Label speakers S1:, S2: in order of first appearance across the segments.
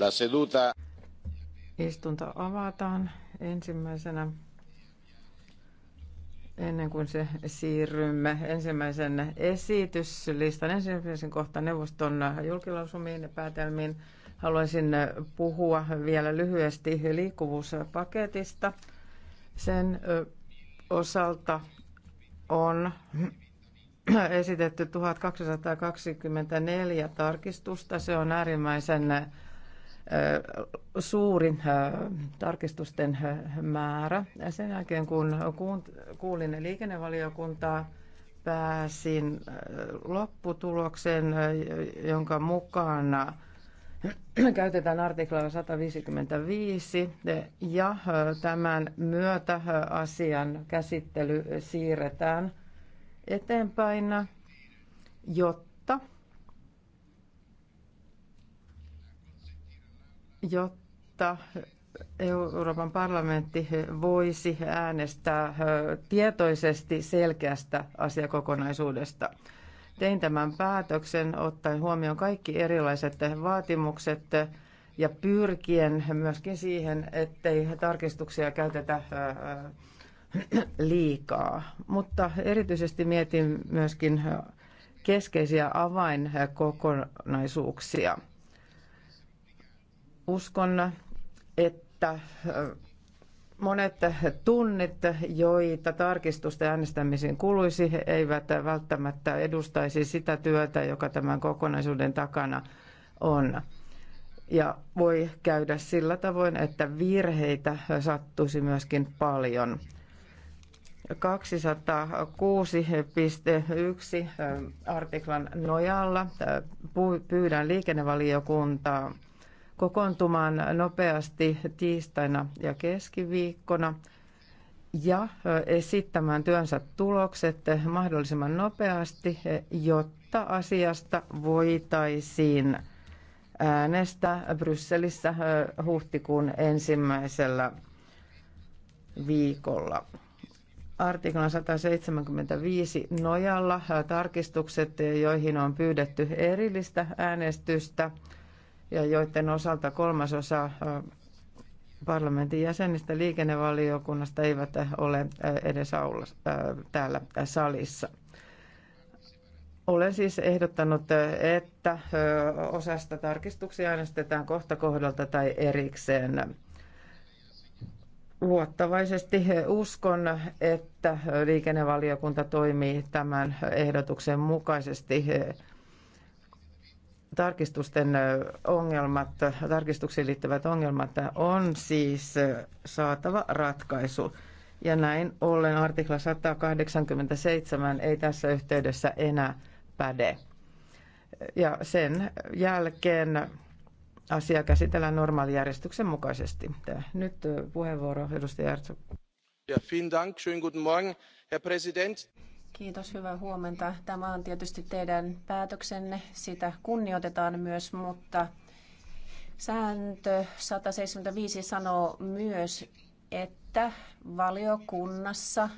S1: La seduta.
S2: Istunto avataan ensimmäisenä ennen kuin se siirrymme ensimmäisen esityslistan ensimmäisen kohtaan neuvoston julkilausumiin päätelmiin. Haluaisin puhua vielä lyhyesti liikkuvuuspaketista. Sen osalta on esitetty 1224 tarkistusta. Se on äärimmäisen suuri tarkistusten määrä. Ja sen jälkeen kun kuulin liikennevaliokuntaa, pääsin lopputulokseen, jonka mukaan käytetään artiklaa 155 ja tämän myötä asian käsittely siirretään eteenpäin, jotta jotta Euroopan parlamentti voisi äänestää tietoisesti selkeästä asiakokonaisuudesta. Tein tämän päätöksen ottaen huomioon kaikki erilaiset vaatimukset ja pyrkien myöskin siihen, ettei tarkistuksia käytetä liikaa. Mutta erityisesti mietin myöskin keskeisiä avainkokonaisuuksia – uskon, että monet tunnit, joita tarkistusta äänestämiseen kuluisi, eivät välttämättä edustaisi sitä työtä, joka tämän kokonaisuuden takana on. Ja voi käydä sillä tavoin, että virheitä sattuisi myöskin paljon. 206.1 artiklan nojalla pyydän liikennevaliokuntaa kokoontumaan nopeasti tiistaina ja keskiviikkona ja esittämään työnsä tulokset mahdollisimman nopeasti, jotta asiasta voitaisiin äänestää Brysselissä huhtikuun ensimmäisellä viikolla. Artiklan 175 nojalla tarkistukset, joihin on pyydetty erillistä äänestystä, ja joiden osalta kolmasosa parlamentin jäsenistä liikennevaliokunnasta eivät ole edes aulas, täällä salissa. Olen siis ehdottanut, että osasta tarkistuksia äänestetään kohta kohdalta tai erikseen. Luottavaisesti uskon, että liikennevaliokunta toimii tämän ehdotuksen mukaisesti tarkistusten ongelmat, tarkistuksiin liittyvät ongelmat on siis saatava ratkaisu. Ja näin ollen artikla 187 ei tässä yhteydessä enää päde. Ja sen jälkeen asia käsitellään normaalijärjestyksen mukaisesti. Nyt puheenvuoro edustaja Herzog.
S1: Ja, vielen Dank. Schönen guten Morgen, Herr Präsident.
S3: Kiitos, hyvää huomenta. Tämä on tietysti teidän päätöksenne, sitä kunnioitetaan myös, mutta sääntö 175 sanoo myös, että valiokunnassa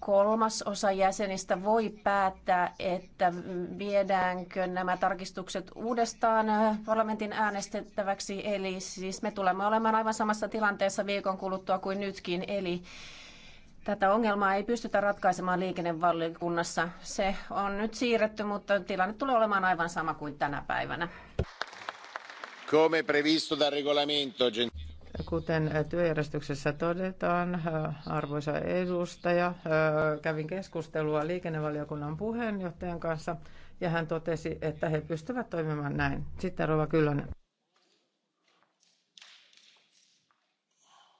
S3: kolmas osa jäsenistä voi päättää, että viedäänkö nämä tarkistukset uudestaan parlamentin äänestettäväksi. Eli siis me tulemme olemaan aivan samassa tilanteessa viikon kuluttua kuin nytkin. Eli Tätä ongelmaa ei pystytä ratkaisemaan liikennevaliokunnassa. Se on nyt siirretty, mutta tilanne tulee olemaan aivan sama kuin
S2: tänä päivänä.
S1: Come previsto dal regolamento,
S2: Kuten äh, työjärjestyksessä todetaan, äh, arvoisa edustaja, äh, kävin keskustelua liikennevaliokunnan puheenjohtajan kanssa ja hän totesi, että he pystyvät toimimaan näin. Sitten Rova Kyllönen.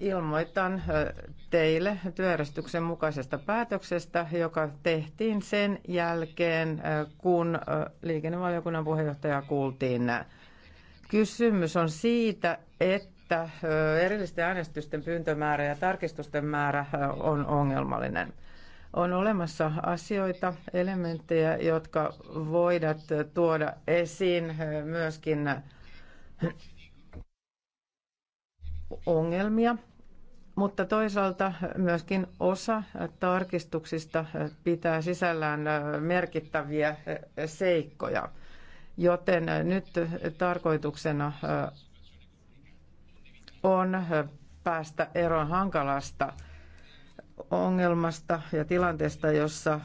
S2: ilmoitan teille työjärjestyksen mukaisesta päätöksestä, joka tehtiin sen jälkeen, kun liikennevaliokunnan puheenjohtaja kuultiin. Kysymys on siitä, että erillisten äänestysten pyyntömäärä ja tarkistusten määrä on ongelmallinen. On olemassa asioita, elementtejä, jotka voidaan tuoda esiin myöskin ongelmia – mutta toisaalta myöskin osa tarkistuksista pitää sisällään merkittäviä seikkoja. Joten nyt tarkoituksena on päästä eroon hankalasta ongelmasta ja tilanteesta, jossa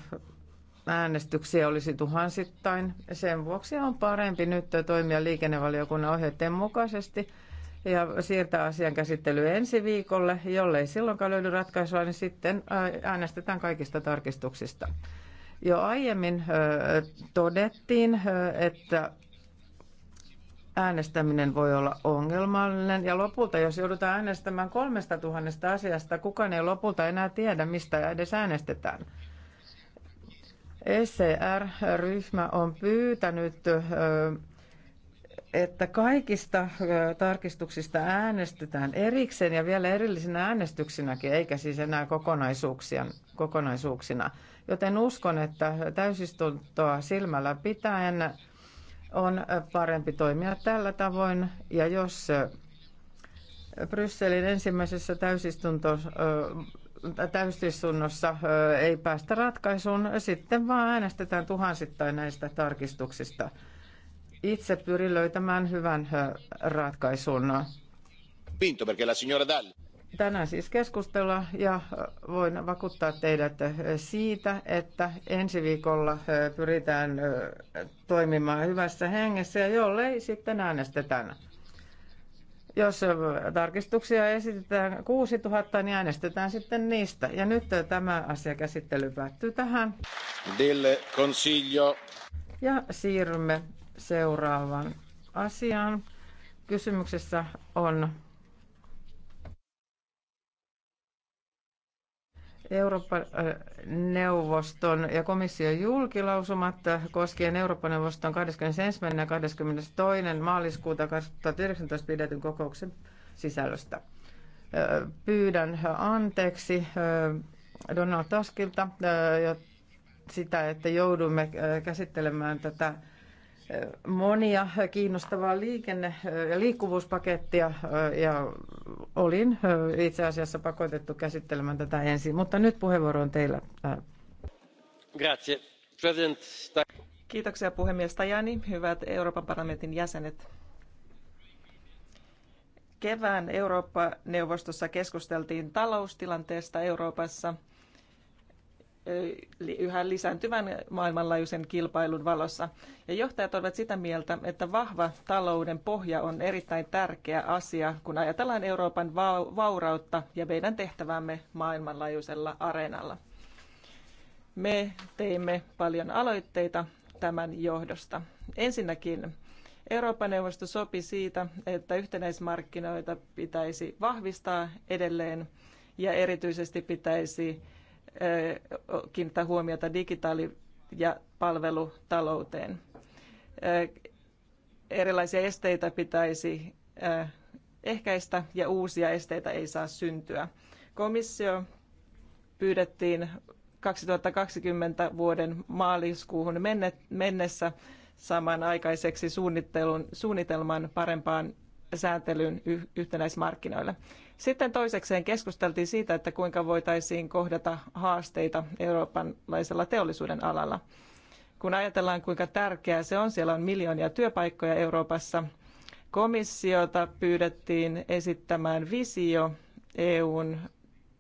S2: äänestyksiä olisi tuhansittain. Sen vuoksi on parempi nyt toimia liikennevaliokunnan ohjeiden mukaisesti – ja siirtää asian käsittely ensi viikolle. Jollei silloinkaan löydy ratkaisua, niin sitten äänestetään kaikista tarkistuksista. Jo aiemmin todettiin, että äänestäminen voi olla ongelmallinen. Ja lopulta, jos joudutaan äänestämään kolmesta tuhannesta asiasta, kukaan ei lopulta enää tiedä, mistä edes äänestetään. scr ryhmä on pyytänyt että kaikista tarkistuksista äänestetään erikseen ja vielä erillisinä äänestyksinäkin, eikä siis enää kokonaisuuksia, kokonaisuuksina. Joten uskon, että täysistuntoa silmällä pitäen on parempi toimia tällä tavoin. Ja jos Brysselin ensimmäisessä täysistunto, täysistunnossa ei päästä ratkaisuun, sitten vaan äänestetään tuhansittain näistä tarkistuksista – itse pyrin löytämään hyvän ratkaisun.
S1: Pinto, perché la signora Dalli
S2: tänään siis keskustella ja voin vakuuttaa teidät siitä, että ensi viikolla pyritään toimimaan hyvässä hengessä ja jollei sitten äänestetään. Jos tarkistuksia esitetään 6000, niin äänestetään sitten niistä. Ja nyt tämä asia päättyy tähän. Del consiglio. Ja siirrymme seuraavan asiaan. Kysymyksessä on Euroopan neuvoston ja komission julkilausumat koskien Euroopan neuvoston 21. ja 22. maaliskuuta 2019 pidetyn kokouksen sisällöstä. Pyydän anteeksi Donald Tuskilta sitä, että joudumme käsittelemään tätä monia kiinnostavaa liikenne- ja liikkuvuuspakettia ja olin itse asiassa pakotettu käsittelemään tätä ensin, mutta nyt puheenvuoro on teillä.
S1: Kiitoksia puhemies Tajani, hyvät Euroopan parlamentin jäsenet. Kevään Eurooppa-neuvostossa keskusteltiin taloustilanteesta Euroopassa – yhä lisääntyvän maailmanlaajuisen kilpailun valossa. Ja johtajat ovat sitä mieltä, että vahva talouden pohja on erittäin tärkeä asia, kun ajatellaan Euroopan vaurautta ja meidän tehtävämme maailmanlaajuisella areenalla. Me teimme paljon aloitteita tämän johdosta. Ensinnäkin Euroopan neuvosto sopi siitä, että yhtenäismarkkinoita pitäisi vahvistaa edelleen ja erityisesti pitäisi kiinnittää huomiota digitaali- ja palvelutalouteen. Erilaisia esteitä pitäisi ehkäistä ja uusia esteitä ei saa syntyä. Komissio pyydettiin 2020 vuoden maaliskuuhun mennessä samanaikaiseksi suunnittelun, suunnitelman parempaan sääntelyyn yhtenäismarkkinoille. Sitten toisekseen keskusteltiin siitä, että kuinka voitaisiin kohdata haasteita eurooppalaisella teollisuuden alalla. Kun ajatellaan, kuinka tärkeää se on, siellä on miljoonia työpaikkoja Euroopassa. Komissiota pyydettiin esittämään visio EUn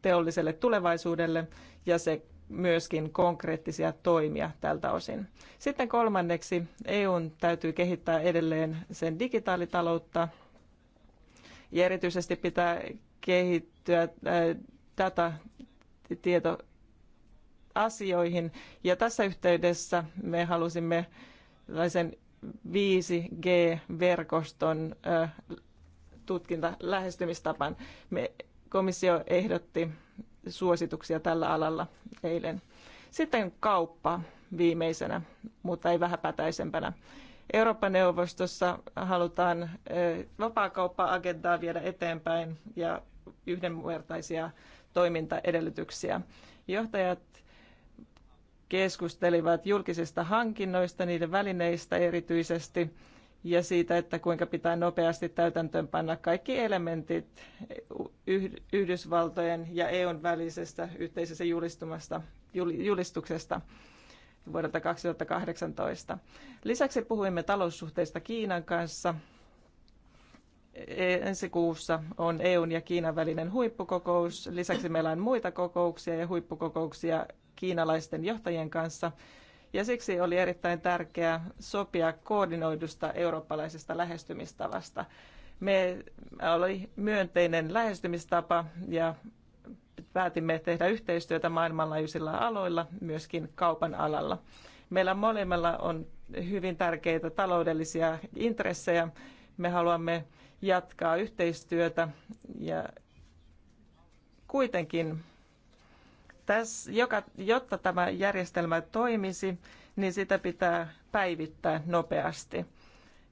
S1: teolliselle tulevaisuudelle ja se myöskin konkreettisia toimia tältä osin. Sitten kolmanneksi EUn täytyy kehittää edelleen sen digitaalitaloutta ja erityisesti pitää kehittyä äh, data tieto asioihin. Ja tässä yhteydessä me halusimme tällaisen 5G-verkoston äh, tutkinta lähestymistapan. Me, komissio ehdotti suosituksia tällä alalla eilen. Sitten kauppa viimeisenä, mutta ei vähäpätäisempänä. Euroopan neuvostossa halutaan vapaakauppa-agendaa viedä eteenpäin ja yhdenvertaisia toimintaedellytyksiä. Johtajat keskustelivat julkisista hankinnoista, niiden välineistä erityisesti ja siitä, että kuinka pitää nopeasti täytäntöönpanna kaikki elementit Yhdysvaltojen ja EUn välisestä yhteisestä julistumasta, julistuksesta vuodelta 2018. Lisäksi puhuimme taloussuhteista Kiinan kanssa. E- ensi kuussa on EUn ja Kiinan välinen huippukokous. Lisäksi meillä on muita kokouksia ja huippukokouksia kiinalaisten johtajien kanssa. Ja siksi oli erittäin tärkeää sopia koordinoidusta eurooppalaisesta lähestymistavasta. Me oli myönteinen lähestymistapa ja päätimme tehdä yhteistyötä maailmanlaajuisilla aloilla, myöskin kaupan alalla. Meillä molemmilla on hyvin tärkeitä taloudellisia intressejä. Me haluamme jatkaa yhteistyötä ja kuitenkin tässä, joka, jotta tämä järjestelmä toimisi, niin sitä pitää päivittää nopeasti.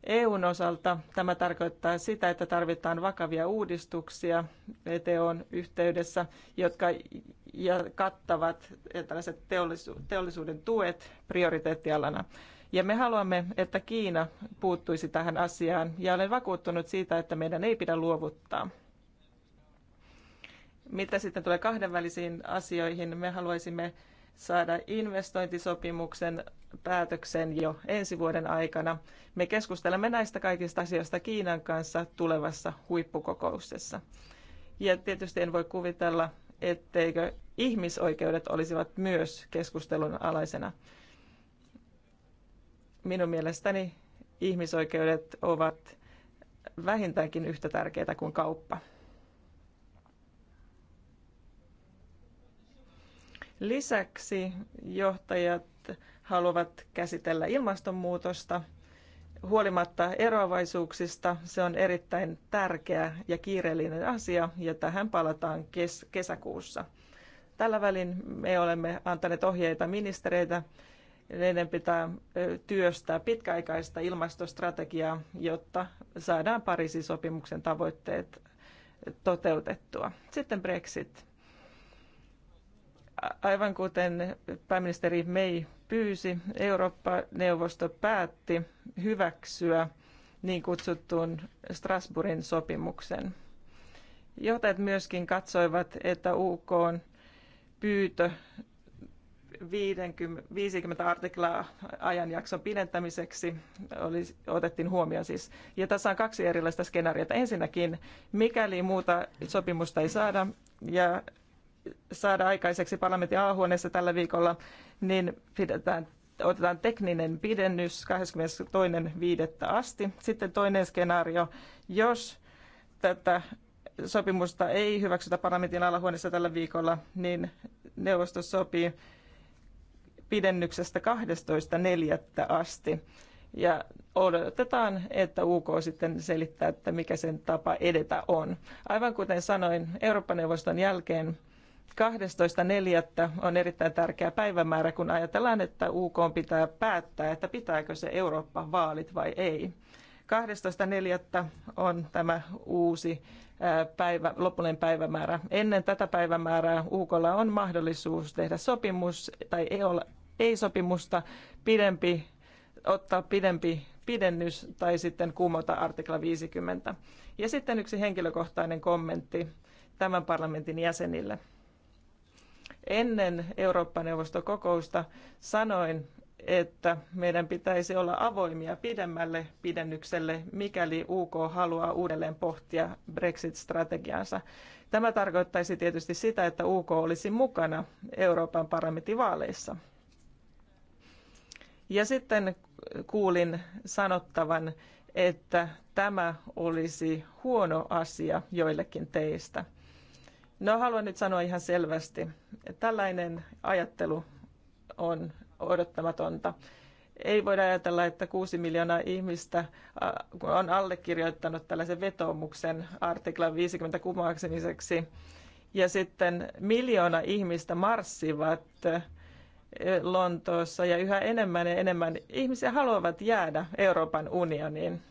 S1: EUn osalta tämä tarkoittaa sitä, että tarvitaan vakavia uudistuksia VTOn e yhteydessä, jotka kattavat tällaiset teollisuuden tuet prioriteettialana. Ja me haluamme, että Kiina puuttuisi tähän asiaan ja olen vakuuttunut siitä, että meidän ei pidä luovuttaa. Mitä sitten tulee kahdenvälisiin asioihin, me haluaisimme saada investointisopimuksen päätöksen jo ensi vuoden aikana. Me keskustelemme näistä kaikista asioista Kiinan kanssa tulevassa huippukokouksessa. Ja tietysti en voi kuvitella, etteikö ihmisoikeudet olisivat myös keskustelun alaisena. Minun mielestäni ihmisoikeudet ovat vähintäänkin yhtä tärkeitä kuin kauppa. Lisäksi johtajat haluavat käsitellä ilmastonmuutosta. Huolimatta eroavaisuuksista se on erittäin tärkeä ja kiireellinen asia ja tähän palataan kes- kesäkuussa. Tällä välin me olemme antaneet ohjeita ministereitä. Meidän pitää työstää pitkäaikaista ilmastostrategiaa, jotta saadaan Pariisin sopimuksen tavoitteet toteutettua. Sitten Brexit. Aivan kuten pääministeri May pyysi, Eurooppa-neuvosto päätti hyväksyä niin kutsuttuun Strasbourgin sopimuksen. Johtajat myöskin katsoivat, että UK on pyytö 50, 50 artiklaa ajanjakson pidentämiseksi oli, otettiin huomioon siis. Ja tässä on kaksi erilaista skenaariota. Ensinnäkin, mikäli muuta sopimusta ei saada ja saada aikaiseksi parlamentin A-huoneessa tällä viikolla, niin pidetään, otetaan tekninen pidennys 22.5. asti. Sitten toinen skenaario, jos tätä sopimusta ei hyväksytä parlamentin alahuoneessa tällä viikolla, niin neuvosto sopii pidennyksestä 12.4. asti. Ja odotetaan, että UK sitten selittää, että mikä sen tapa edetä on. Aivan kuten sanoin, Eurooppa-neuvoston jälkeen 12.4. on erittäin tärkeä päivämäärä, kun ajatellaan, että UK pitää päättää, että pitääkö se Eurooppa vaalit vai ei. 12.4. on tämä uusi päivä, lopullinen päivämäärä. Ennen tätä päivämäärää UKlla on mahdollisuus tehdä sopimus tai ei, ole, ei sopimusta, pidempi, ottaa pidempi pidennys tai sitten kumota artikla 50. Ja sitten yksi henkilökohtainen kommentti tämän parlamentin jäsenille ennen Eurooppa-neuvoston kokousta sanoin, että meidän pitäisi olla avoimia pidemmälle pidennykselle, mikäli UK haluaa uudelleen pohtia Brexit-strategiansa. Tämä tarkoittaisi tietysti sitä, että UK olisi mukana Euroopan parlamentin vaaleissa. Ja sitten kuulin sanottavan, että tämä olisi huono asia joillekin teistä. No haluan nyt sanoa ihan selvästi, Tällainen ajattelu on odottamatonta. Ei voida ajatella, että kuusi miljoonaa ihmistä on allekirjoittanut tällaisen vetoomuksen artiklan 50 kumoaksemiseksi. Ja sitten miljoona ihmistä marssivat Lontoossa ja yhä enemmän ja enemmän ihmisiä haluavat jäädä Euroopan unioniin.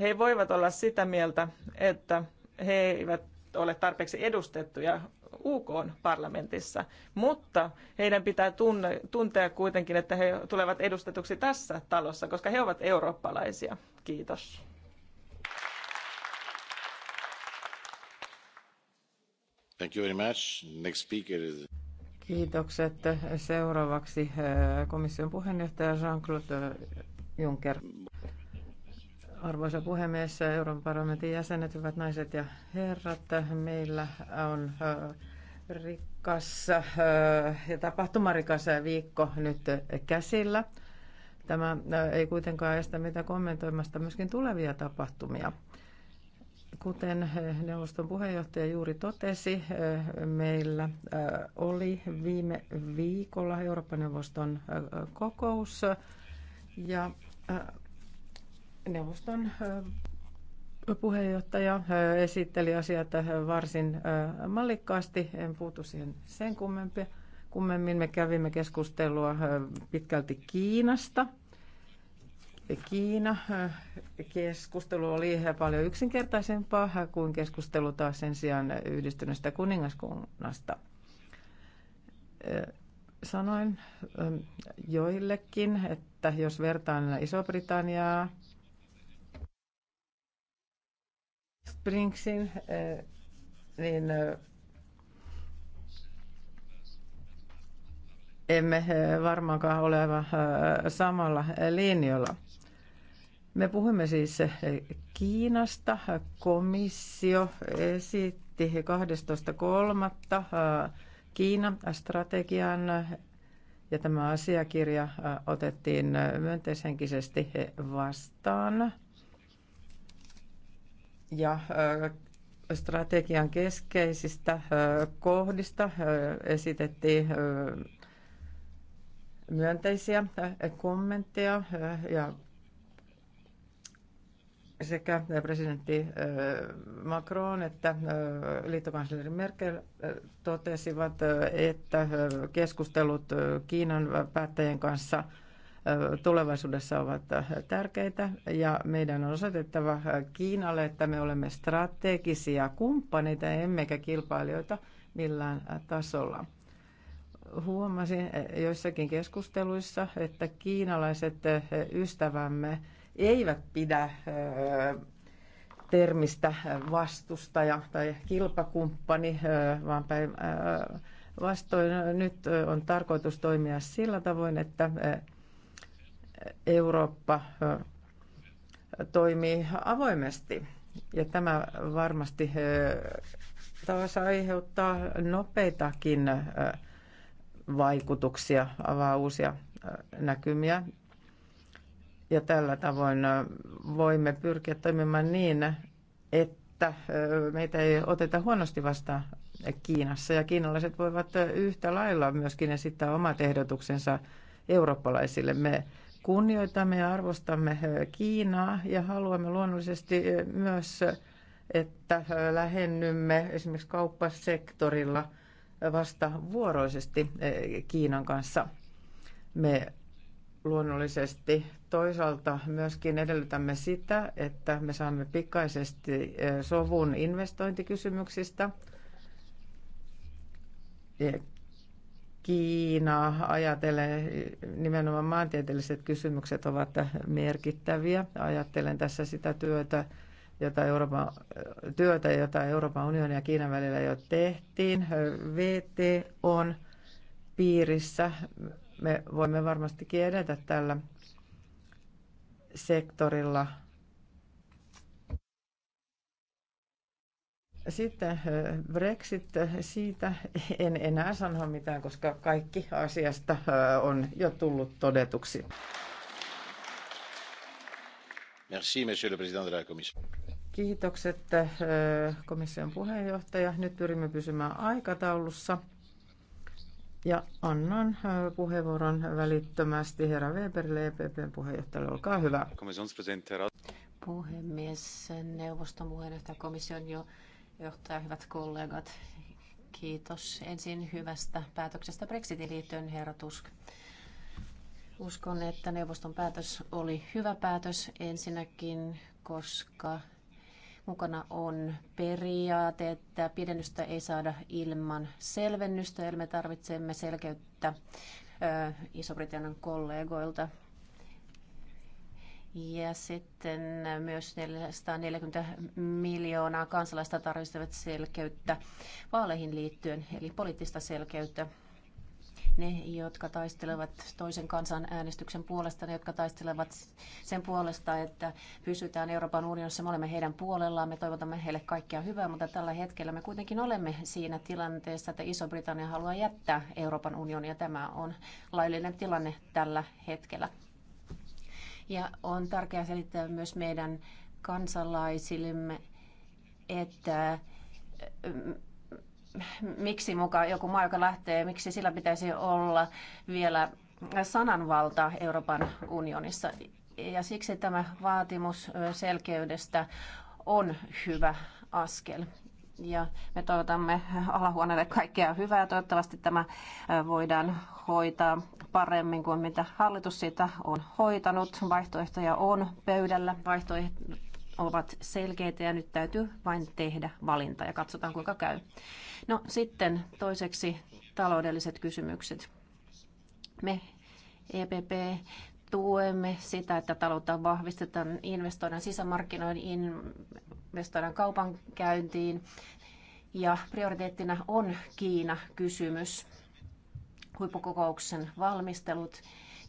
S1: He voivat olla sitä mieltä, että he eivät ole tarpeeksi edustettuja UK parlamentissa, mutta heidän pitää tunne, tuntea kuitenkin, että he tulevat edustetuksi tässä talossa, koska he ovat eurooppalaisia. Kiitos.
S2: Thank you very much.
S1: Next speaker is...
S2: Kiitokset. Seuraavaksi eh, komission puheenjohtaja Jean-Claude Juncker. Arvoisa puhemies, Euroopan parlamentin jäsenet, hyvät naiset ja herrat, meillä on rikas ja tapahtumarikas viikko nyt käsillä. Tämä ei kuitenkaan estä mitä kommentoimasta myöskin tulevia tapahtumia. Kuten neuvoston puheenjohtaja juuri totesi, meillä oli viime viikolla Euroopan neuvoston kokous ja Neuvoston puheenjohtaja esitteli asiat varsin mallikkaasti. En puutu siihen sen kummempi. kummemmin. Me kävimme keskustelua pitkälti Kiinasta. Kiina keskustelu oli paljon yksinkertaisempaa kuin keskustelu taas sen sijaan yhdistyneestä kuningaskunnasta. Sanoin joillekin, että jos vertaan Iso-Britanniaa Springsin, eh, niin eh, emme eh, varmaankaan ole aivan samalla linjalla. Me puhumme siis Kiinasta. Komissio esitti 12.3. Kiinan strategian ja tämä asiakirja otettiin myönteishenkisesti vastaan – ja strategian keskeisistä kohdista esitettiin myönteisiä kommentteja ja sekä presidentti Macron että liittokansleri Merkel totesivat, että keskustelut Kiinan päättäjien kanssa – tulevaisuudessa ovat tärkeitä ja meidän on osoitettava Kiinalle, että me olemme strategisia kumppaneita emmekä kilpailijoita millään tasolla. Huomasin joissakin keskusteluissa, että kiinalaiset ystävämme eivät pidä termistä vastustaja tai kilpakumppani, vaan päin vastoin nyt on tarkoitus toimia sillä tavoin, että Eurooppa toimii avoimesti. Ja tämä varmasti taas aiheuttaa nopeitakin vaikutuksia, avaa uusia näkymiä. Ja tällä tavoin voimme pyrkiä toimimaan niin, että meitä ei oteta huonosti vastaan Kiinassa. Ja kiinalaiset voivat yhtä lailla myöskin esittää omat ehdotuksensa eurooppalaisille. Me Kunnioitamme ja arvostamme Kiinaa ja haluamme luonnollisesti myös, että lähennymme esimerkiksi kauppasektorilla vasta vuoroisesti Kiinan kanssa. Me luonnollisesti toisaalta myöskin edellytämme sitä, että me saamme pikaisesti sovun investointikysymyksistä. Kiina ajatellen nimenomaan maantieteelliset kysymykset ovat merkittäviä. Ajattelen tässä sitä työtä, jota Euroopan, työtä, jota Euroopan unionin ja Kiinan välillä jo tehtiin. VT on piirissä. Me voimme varmastikin edetä tällä sektorilla – Sitten Brexit, siitä en enää sano mitään, koska kaikki asiasta on jo tullut todetuksi. Merci, monsieur le président de la commission. Kiitokset komission puheenjohtaja. Nyt pyrimme pysymään aikataulussa. Ja annan puheenvuoron välittömästi herra Weberille, EPPn puheenjohtajalle. Olkaa hyvä. Puhemies,
S3: neuvoston puheenjohtaja komission jo johtaja, hyvät kollegat. Kiitos ensin hyvästä päätöksestä Brexitin liittyen, herra Tusk. Uskon, että neuvoston päätös oli hyvä päätös ensinnäkin, koska mukana on periaate, että pidennystä ei saada ilman selvennystä, eli me tarvitsemme selkeyttä Iso-Britannian kollegoilta ja sitten myös 440 miljoonaa kansalaista tarvitsevat selkeyttä vaaleihin liittyen, eli poliittista selkeyttä. Ne, jotka taistelevat toisen kansan äänestyksen puolesta, ne, jotka taistelevat sen puolesta, että pysytään Euroopan unionissa, me olemme heidän puolellaan, me toivotamme heille kaikkea hyvää, mutta tällä hetkellä me kuitenkin olemme siinä tilanteessa, että Iso-Britannia haluaa jättää Euroopan unionia. Tämä on laillinen tilanne tällä hetkellä. Ja on tärkeää selittää myös meidän kansalaisillemme, että mm, miksi mukaan joku maa, joka lähtee, miksi sillä pitäisi olla vielä sananvalta Euroopan unionissa. Ja siksi tämä vaatimus selkeydestä on hyvä askel. Ja me toivotamme alahuoneelle kaikkea hyvää. Toivottavasti tämä voidaan hoitaa paremmin kuin mitä hallitus sitä on hoitanut. Vaihtoehtoja on pöydällä, vaihtoehdot ovat selkeitä ja nyt täytyy vain tehdä valinta ja katsotaan kuinka käy. No sitten toiseksi taloudelliset kysymykset. Me EPP tuemme sitä, että taloutta vahvistetaan, investoidaan sisämarkkinoihin, investoidaan kaupankäyntiin ja prioriteettina on Kiina-kysymys huippukokouksen valmistelut.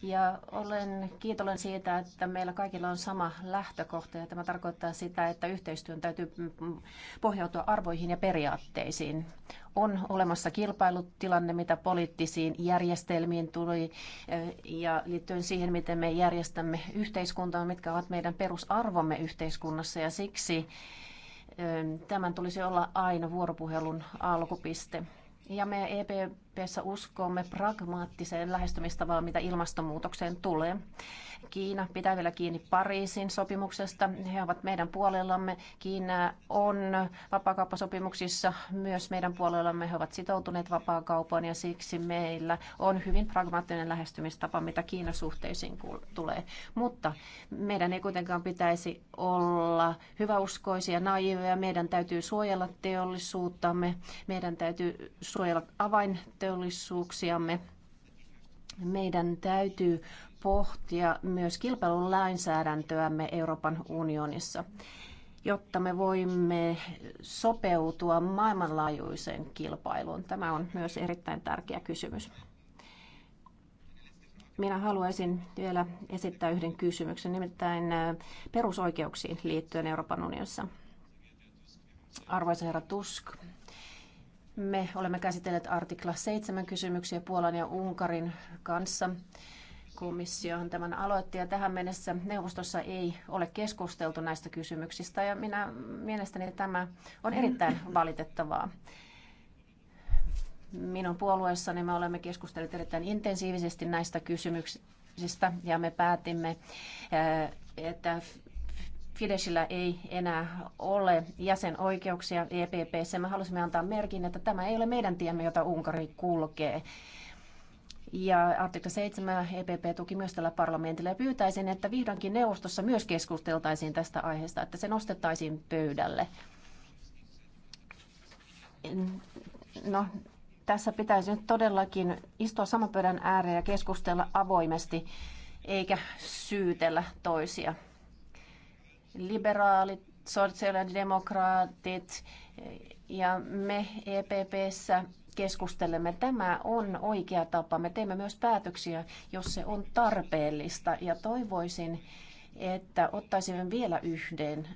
S3: Ja olen kiitollinen siitä, että meillä kaikilla on sama lähtökohta ja tämä tarkoittaa sitä, että yhteistyön täytyy pohjautua arvoihin ja periaatteisiin. On olemassa kilpailutilanne, mitä poliittisiin järjestelmiin tuli ja liittyen siihen, miten me järjestämme yhteiskuntaa, mitkä ovat meidän perusarvomme yhteiskunnassa ja siksi tämän tulisi olla aina vuoropuhelun alkupiste. Ja me EP EPPssä uskomme pragmaattiseen lähestymistavaan, mitä ilmastonmuutokseen tulee. Kiina pitää vielä kiinni Pariisin sopimuksesta. He ovat meidän puolellamme. Kiina on vapaakauppasopimuksissa myös meidän puolellamme. He ovat sitoutuneet vapaakaupaan ja siksi meillä on hyvin pragmaattinen lähestymistapa, mitä Kiinan suhteisiin tulee. Mutta meidän ei kuitenkaan pitäisi olla hyväuskoisia, naiveja. Meidän täytyy suojella teollisuuttamme. Meidän täytyy suojella avainteollisuutta teollisuuksiamme. Meidän täytyy pohtia myös kilpailulainsäädäntöämme Euroopan unionissa, jotta me voimme sopeutua maailmanlaajuiseen kilpailuun. Tämä on myös erittäin tärkeä kysymys. Minä haluaisin vielä esittää yhden kysymyksen, nimittäin äh, perusoikeuksiin liittyen Euroopan unionissa. Arvoisa herra Tusk, me olemme käsitelleet artikla 7 kysymyksiä Puolan ja Unkarin kanssa. Komissiohan tämän aloitti ja tähän mennessä neuvostossa ei ole keskusteltu näistä kysymyksistä ja minä mielestäni tämä on erittäin valitettavaa. Minun puolueessani me olemme keskustelleet erittäin intensiivisesti näistä kysymyksistä ja me päätimme, eh, että Fideshillä ei enää ole jäsenoikeuksia EPPssä. Me halusimme antaa merkin, että tämä ei ole meidän tiemme, jota Unkari kulkee. Ja artikla 7 EPP tuki myös tällä parlamentilla ja pyytäisin, että vihdoinkin neuvostossa myös keskusteltaisiin tästä aiheesta, että se nostettaisiin pöydälle. No, tässä pitäisi nyt todellakin istua saman pöydän ääreen ja keskustella avoimesti eikä syytellä toisia liberaalit, sosiaalidemokraatit ja me EPPssä keskustelemme. Tämä on oikea tapa. Me teemme myös päätöksiä, jos se on tarpeellista. Ja toivoisin, että ottaisimme vielä yhden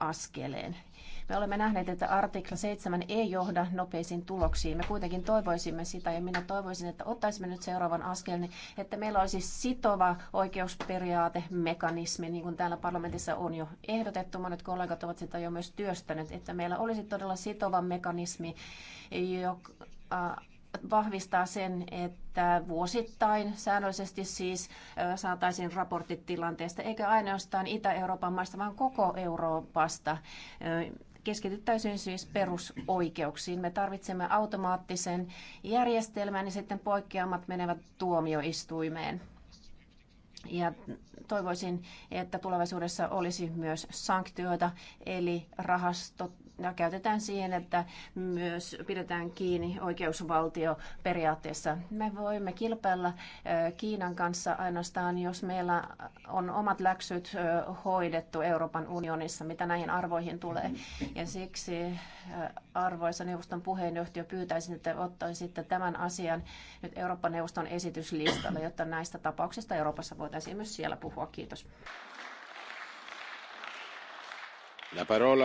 S3: askeleen. Me olemme nähneet, että artikla 7 ei johda nopeisiin tuloksiin. Me kuitenkin toivoisimme sitä ja minä toivoisin, että ottaisimme nyt seuraavan askeleen, että meillä olisi sitova oikeusperiaatemekanismi, niin kuin täällä parlamentissa on jo ehdotettu. Monet kollegat ovat sitä jo myös työstäneet, että meillä olisi todella sitova mekanismi, joka vahvistaa sen, että vuosittain säännöllisesti siis saataisiin raportit tilanteesta, eikä ainoastaan Itä-Euroopan maista, vaan koko Euroopasta keskityttäisiin siis perusoikeuksiin. Me tarvitsemme automaattisen järjestelmän ja sitten poikkeamat menevät tuomioistuimeen. Ja toivoisin, että tulevaisuudessa olisi myös sanktioita, eli rahastot ja no, käytetään siihen, että myös pidetään kiinni oikeusvaltioperiaatteessa. Me voimme kilpailla Kiinan kanssa ainoastaan, jos meillä on omat läksyt hoidettu Euroopan unionissa, mitä näihin arvoihin tulee. Ja siksi arvoisa neuvoston puheenjohtaja pyytäisin, että ottaisitte tämän asian nyt Euroopan neuvoston esityslistalle, jotta näistä tapauksista Euroopassa voitaisiin myös
S2: siellä puhua. Kiitos. La parola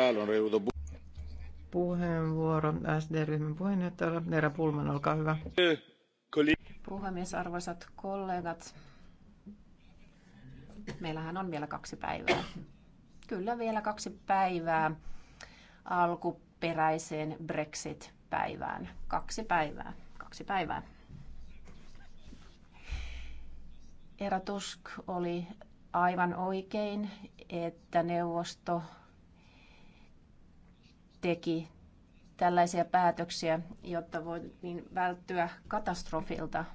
S2: puheenvuoro SD-ryhmän puheenjohtajalla. Nera Pulman, olkaa hyvä. Puhemies, arvoisat kollegat.
S3: Meillähän on vielä kaksi päivää. Kyllä vielä kaksi päivää alkuperäiseen Brexit-päivään. Kaksi päivää. Kaksi päivää. Era Tusk oli aivan oikein, että neuvosto teki tällaisia päätöksiä, jotta voitiin välttyä katastrofilta.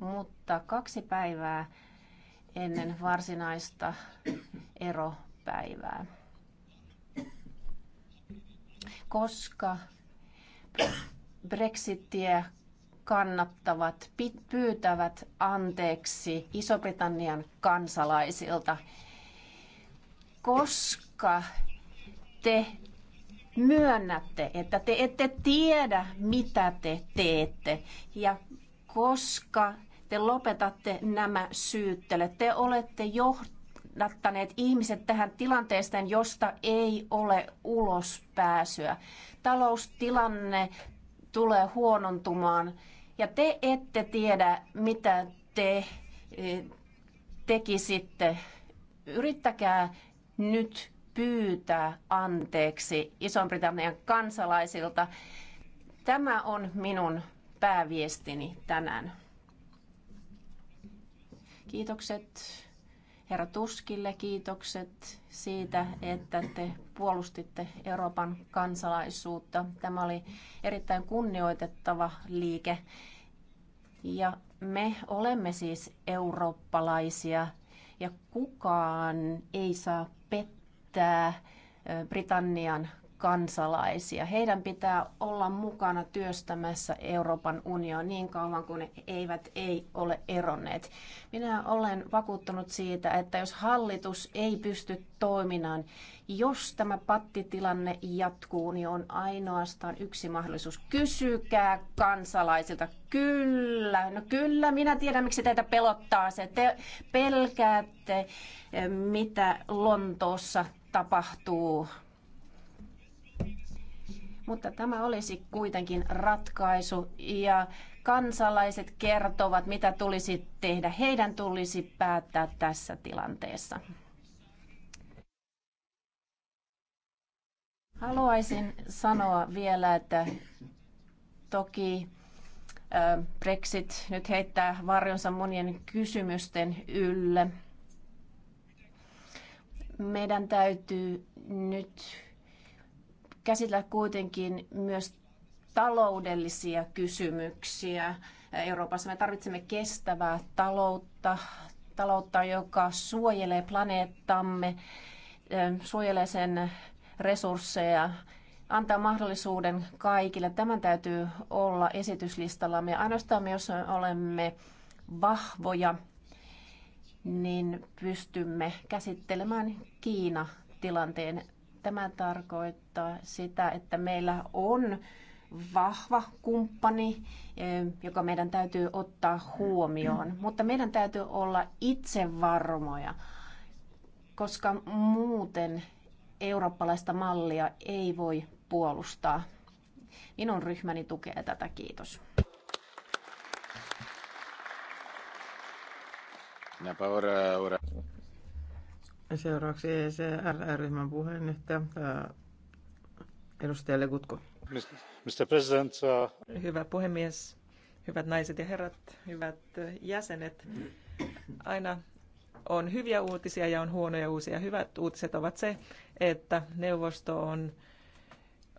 S3: Mutta kaksi päivää ennen varsinaista eropäivää. Koska Brexittiä kannattavat pyytävät anteeksi Iso-Britannian kansalaisilta, koska te myönnätte, että te ette tiedä, mitä te teette. Ja koska te lopetatte nämä syyttelyt, te olette johdattaneet ihmiset tähän tilanteeseen, josta ei ole ulospääsyä. Taloustilanne tulee huonontumaan ja te ette tiedä, mitä te eh, tekisitte. Yrittäkää nyt pyytää anteeksi iso britannian kansalaisilta. Tämä on minun pääviestini tänään. Kiitokset herra Tuskille, kiitokset siitä, että te puolustitte Euroopan kansalaisuutta. Tämä oli erittäin kunnioitettava liike. Ja me olemme siis eurooppalaisia ja kukaan ei saa edistää Britannian kansalaisia. Heidän pitää olla mukana työstämässä Euroopan unionia niin kauan kuin ne eivät ei ole eronneet. Minä olen vakuuttunut siitä, että jos hallitus ei pysty toiminaan, jos tämä pattitilanne jatkuu, niin on ainoastaan yksi mahdollisuus. Kysykää kansalaisilta. Kyllä, no kyllä, minä tiedän, miksi teitä pelottaa se. Te pelkäätte, mitä Lontoossa tapahtuu. Mutta tämä olisi kuitenkin ratkaisu ja kansalaiset kertovat, mitä tulisi tehdä. Heidän tulisi päättää tässä tilanteessa. Haluaisin sanoa vielä, että toki Brexit nyt heittää varjonsa monien kysymysten ylle meidän täytyy nyt käsitellä kuitenkin myös taloudellisia kysymyksiä. Euroopassa me tarvitsemme kestävää taloutta, taloutta, joka suojelee planeettamme, suojelee sen resursseja, antaa mahdollisuuden kaikille. Tämän täytyy olla esityslistallamme. Ainoastaan me, jos olemme vahvoja niin pystymme käsittelemään Kiina-tilanteen. Tämä tarkoittaa sitä, että meillä on vahva kumppani, eh, joka meidän täytyy ottaa huomioon. Mutta meidän täytyy olla itsevarmoja, koska muuten eurooppalaista mallia ei voi puolustaa. Minun ryhmäni tukee tätä. Kiitos.
S2: Seuraavaksi ECR-ryhmän puheenjohtaja, äh,
S1: edustaja Legutko.
S2: Mr. President,
S1: uh... Hyvä puhemies, hyvät naiset ja herrat, hyvät jäsenet. Aina on hyviä uutisia ja on huonoja uutisia. Hyvät uutiset ovat se, että neuvosto on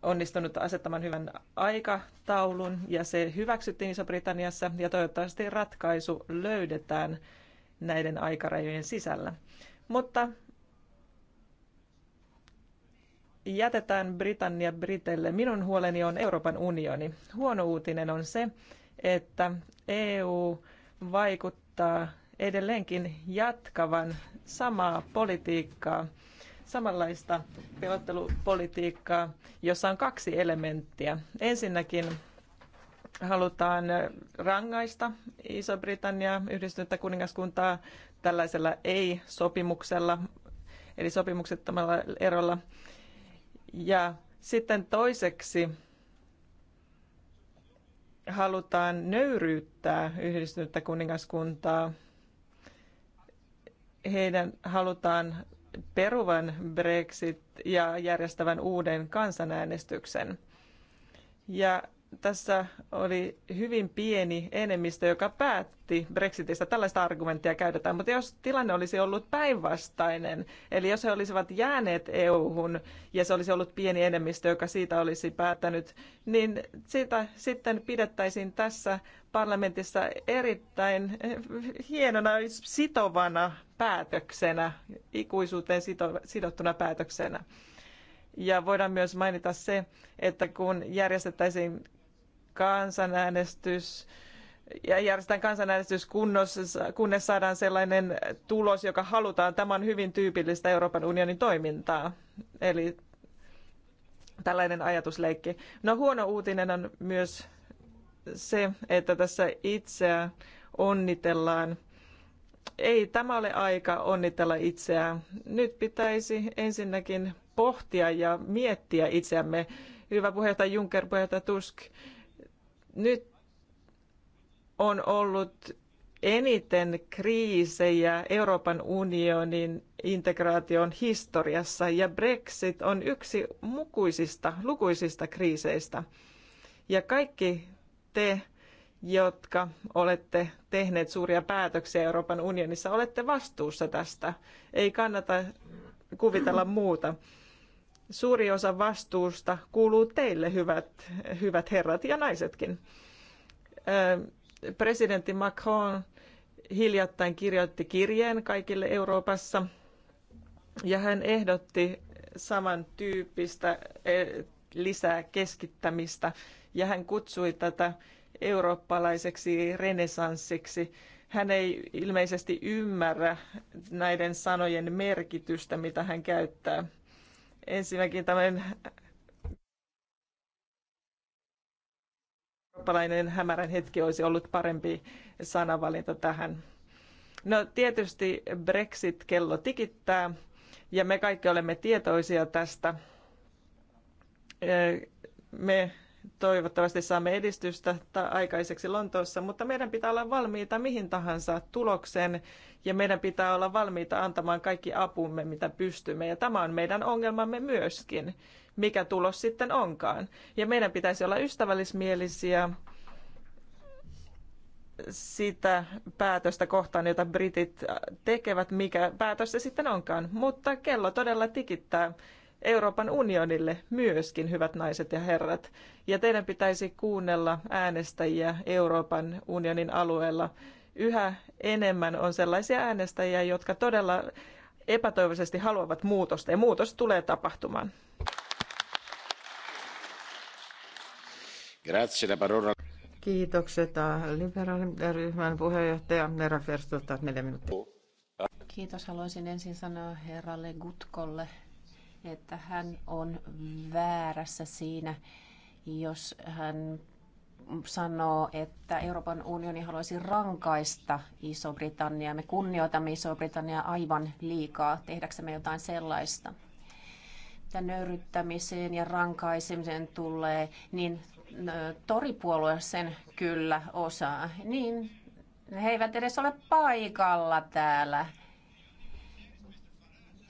S1: onnistunut asettamaan hyvän aikataulun ja se hyväksyttiin Iso-Britanniassa ja toivottavasti ratkaisu löydetään näiden aikarajojen sisällä. Mutta jätetään Britannia Briteille. Minun huoleni on Euroopan unioni. Huono uutinen on se, että EU vaikuttaa edelleenkin jatkavan samaa politiikkaa, samanlaista pelottelupolitiikkaa, jossa on kaksi elementtiä. Ensinnäkin halutaan rangaista Iso-Britannia, yhdistynyttä kuningaskuntaa tällaisella ei-sopimuksella, eli sopimuksettomalla erolla. Ja sitten toiseksi halutaan nöyryyttää yhdistynyttä kuningaskuntaa. Heidän halutaan peruvan Brexit ja järjestävän uuden kansanäänestyksen. Ja tässä oli hyvin pieni enemmistö, joka päätti Brexitistä. Tällaista argumenttia käytetään, mutta jos tilanne olisi ollut päinvastainen, eli jos he olisivat jääneet EU-hun ja se olisi ollut pieni enemmistö, joka siitä olisi päättänyt, niin siitä sitten pidettäisiin tässä parlamentissa erittäin hienona sitovana päätöksenä, ikuisuuteen sito, sidottuna päätöksenä. Ja voidaan myös mainita se, että kun järjestettäisiin kansanäänestys ja järjestetään kansanäänestys, kunnes saadaan sellainen tulos, joka halutaan. Tämä on hyvin tyypillistä Euroopan unionin toimintaa. Eli tällainen ajatusleikki. No huono uutinen on myös se, että tässä itseä onnitellaan. Ei tämä ole aika onnitella itseään. Nyt pitäisi ensinnäkin pohtia ja miettiä itseämme. Hyvä puheenjohtaja Juncker, puheenjohtaja Tusk, nyt on ollut eniten kriisejä Euroopan unionin integraation historiassa ja Brexit on yksi mukuisista, lukuisista kriiseistä. Ja kaikki te, jotka olette tehneet suuria päätöksiä Euroopan unionissa, olette vastuussa tästä. Ei kannata kuvitella muuta. Suuri osa vastuusta kuuluu teille, hyvät, hyvät herrat ja naisetkin. Presidentti Macron hiljattain kirjoitti kirjeen kaikille Euroopassa ja hän ehdotti samantyyppistä e, lisää keskittämistä ja hän kutsui tätä eurooppalaiseksi renesanssiksi. Hän ei ilmeisesti ymmärrä näiden sanojen merkitystä, mitä hän käyttää. Ensinnäkin tämmöinen eurooppalainen hämärän hetki olisi ollut parempi sanavalinta tähän. No tietysti Brexit-kello tikittää ja me kaikki olemme tietoisia tästä. Me Toivottavasti saamme edistystä aikaiseksi Lontoossa, mutta meidän pitää olla valmiita mihin tahansa tulokseen ja meidän pitää olla valmiita antamaan kaikki apumme, mitä pystymme. Ja tämä on meidän ongelmamme myöskin, mikä tulos sitten onkaan. Ja meidän pitäisi olla ystävällismielisiä sitä päätöstä kohtaan, jota britit tekevät, mikä päätös se sitten onkaan. Mutta kello todella tikittää Euroopan unionille myöskin, hyvät naiset ja herrat. Ja teidän pitäisi kuunnella äänestäjiä Euroopan unionin alueella. Yhä enemmän on sellaisia äänestäjiä, jotka todella epätoivoisesti haluavat muutosta, ja muutos tulee tapahtumaan.
S2: Kiitokset liberaaliryhmän puheenjohtaja Nera Verstulta, neljä minuuttia. Kiitos.
S3: Haluaisin ensin sanoa herralle Gutkolle, että hän on väärässä siinä, jos hän sanoo, että Euroopan unioni haluaisi rankaista Iso-Britanniaa. Me kunnioitamme Iso-Britanniaa aivan liikaa tehdäksemme jotain sellaista. Mitä nöyryttämiseen ja rankaisemiseen tulee, niin toripuolue sen kyllä osaa. Niin he eivät edes ole paikalla täällä.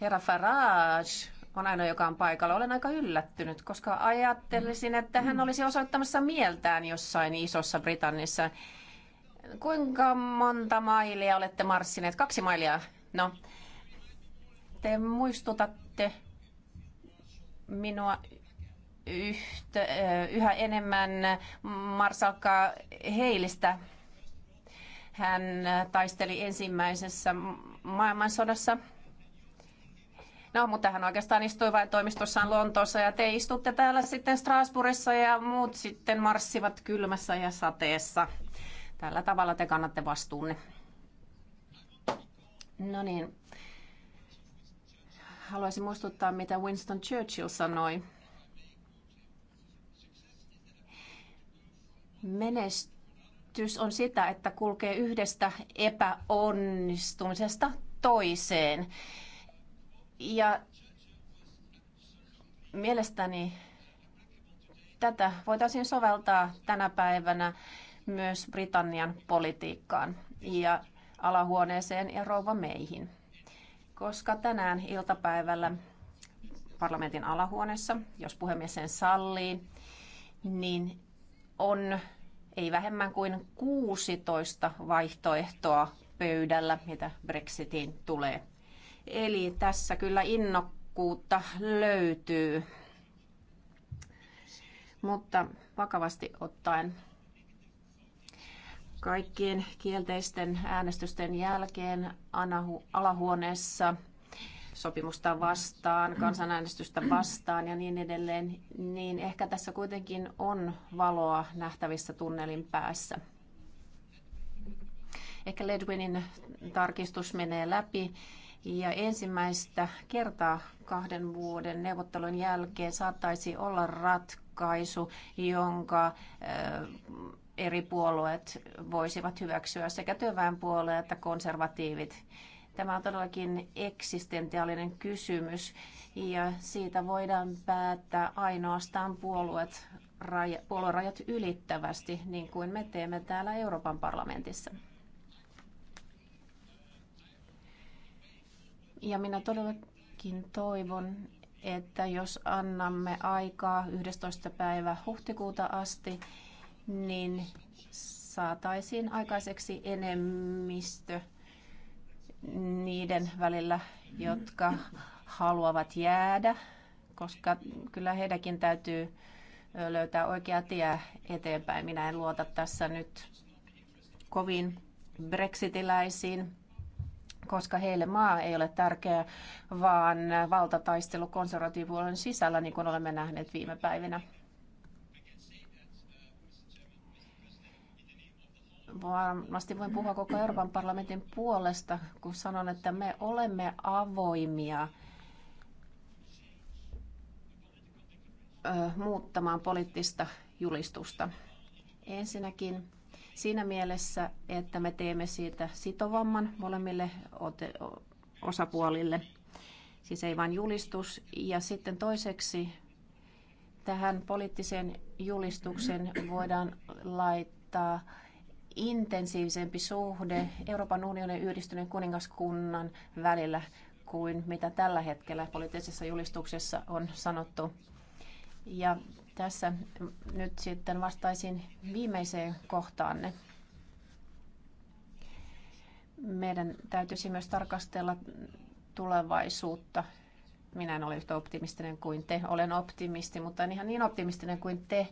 S3: Herra Farage on ainoa, joka on paikalla. Olen aika yllättynyt, koska ajattelisin, mm. että hän mm. olisi osoittamassa mieltään jossain isossa Britannissa. Kuinka monta mailia olette marssineet? Kaksi mailia. No, te muistutatte minua yhtä, yhä enemmän Marsalkka Heilistä. Hän taisteli ensimmäisessä maailmansodassa – No, mutta hän oikeastaan istui vain toimistossaan Lontoossa ja te istutte täällä sitten Strasbourgissa ja muut sitten marssivat kylmässä ja sateessa. Tällä tavalla te kannatte vastuunne. No niin. Haluaisin muistuttaa, mitä Winston Churchill sanoi. Menestys on sitä, että kulkee yhdestä epäonnistumisesta toiseen. Ja mielestäni tätä voitaisiin soveltaa tänä päivänä myös Britannian politiikkaan ja alahuoneeseen ja rouva meihin. Koska tänään iltapäivällä parlamentin alahuoneessa, jos puhemies sen sallii, niin on ei vähemmän kuin 16 vaihtoehtoa pöydällä, mitä Brexitiin tulee. Eli tässä kyllä innokkuutta löytyy. Mutta vakavasti ottaen kaikkien kielteisten äänestysten jälkeen alahuoneessa sopimusta vastaan, kansanäänestystä vastaan ja niin edelleen, niin ehkä tässä kuitenkin on valoa nähtävissä tunnelin päässä. Ehkä Ledwinin tarkistus menee läpi ja ensimmäistä kertaa kahden vuoden neuvottelun jälkeen saattaisi olla ratkaisu, jonka eri puolueet voisivat hyväksyä sekä työväenpuolue että konservatiivit. Tämä on todellakin eksistentiaalinen kysymys ja siitä voidaan päättää ainoastaan puolueet, puoluerajat ylittävästi, niin kuin me teemme täällä Euroopan parlamentissa. Ja minä todellakin toivon, että jos annamme aikaa 11. päivä huhtikuuta asti, niin saataisiin aikaiseksi enemmistö niiden välillä, jotka haluavat jäädä, koska kyllä heidänkin täytyy löytää oikea tie eteenpäin. Minä en luota tässä nyt kovin brexitiläisiin koska heille maa ei ole tärkeä, vaan valtataistelu konservatiivuuden sisällä, niin kuin olemme nähneet viime päivinä. varmasti voin puhua koko Euroopan parlamentin puolesta, kun sanon, että me olemme avoimia muuttamaan poliittista julistusta. Ensinnäkin siinä mielessä, että me teemme siitä sitovamman molemmille osapuolille, siis ei vain julistus. Ja sitten toiseksi tähän poliittiseen julistuksen voidaan laittaa intensiivisempi suhde Euroopan unionin yhdistyneen kuningaskunnan välillä kuin mitä tällä hetkellä poliittisessa julistuksessa on sanottu. Ja tässä nyt sitten vastaisin viimeiseen kohtaanne. Meidän täytyisi myös tarkastella tulevaisuutta. Minä en ole yhtä optimistinen kuin te. Olen optimisti, mutta en ihan niin optimistinen kuin te.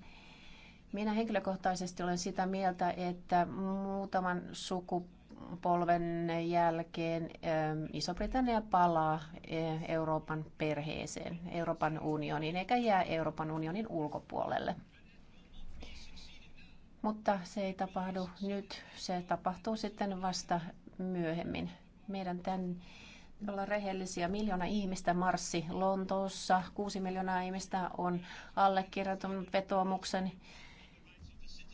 S3: Minä henkilökohtaisesti olen sitä mieltä, että muutaman sukupuolen polven jälkeen ähm, Iso-Britannia palaa äh, Euroopan perheeseen, Euroopan unioniin, eikä jää Euroopan unionin ulkopuolelle. Mutta se ei tapahdu nyt, se tapahtuu sitten vasta myöhemmin. Meidän tämän olla rehellisiä. Miljoona ihmistä marssi Lontoossa, kuusi miljoonaa ihmistä on allekirjoittanut vetoomuksen,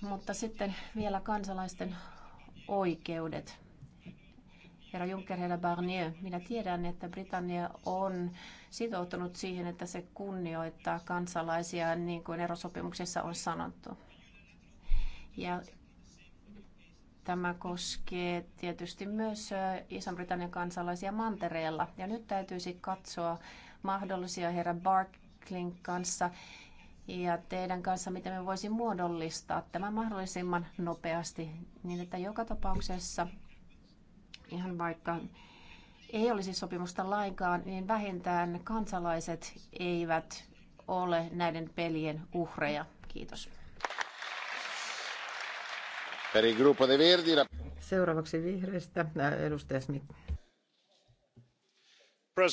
S3: mutta sitten vielä kansalaisten oikeudet. Herra Juncker, herra Barnier, minä tiedän, että Britannia on sitoutunut siihen, että se kunnioittaa kansalaisia, niin kuin erosopimuksessa on sanottu. Ja tämä koskee tietysti myös Iso-Britannian kansalaisia mantereella. Ja nyt täytyisi katsoa mahdollisia herra Barkleyn kanssa ja teidän kanssa, miten me voisin muodollistaa tämän mahdollisimman nopeasti, niin että joka tapauksessa, ihan vaikka ei olisi sopimusta lainkaan, niin vähintään kansalaiset eivät ole näiden
S2: pelien uhreja. Kiitos.
S1: Seuraavaksi vihreistä edustaja Smith.
S2: Uh,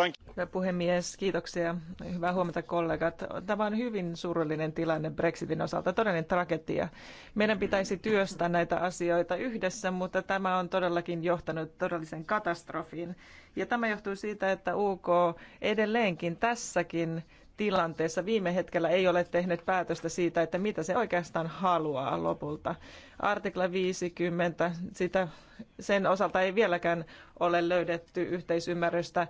S2: arvoisa
S1: puhemies, kiitoksia. Hyvää huomenta kollegat. Tämä on hyvin surullinen tilanne Brexitin osalta, todellinen tragedia. Meidän pitäisi työstää näitä asioita yhdessä, mutta tämä on todellakin johtanut todellisen katastrofiin. Ja tämä johtuu siitä, että UK edelleenkin tässäkin tilanteessa viime hetkellä ei ole tehnyt päätöstä siitä, että mitä se oikeastaan haluaa lopulta. Artikla 50, sitä, sen osalta ei vieläkään ole löydetty yhteisymmärrystä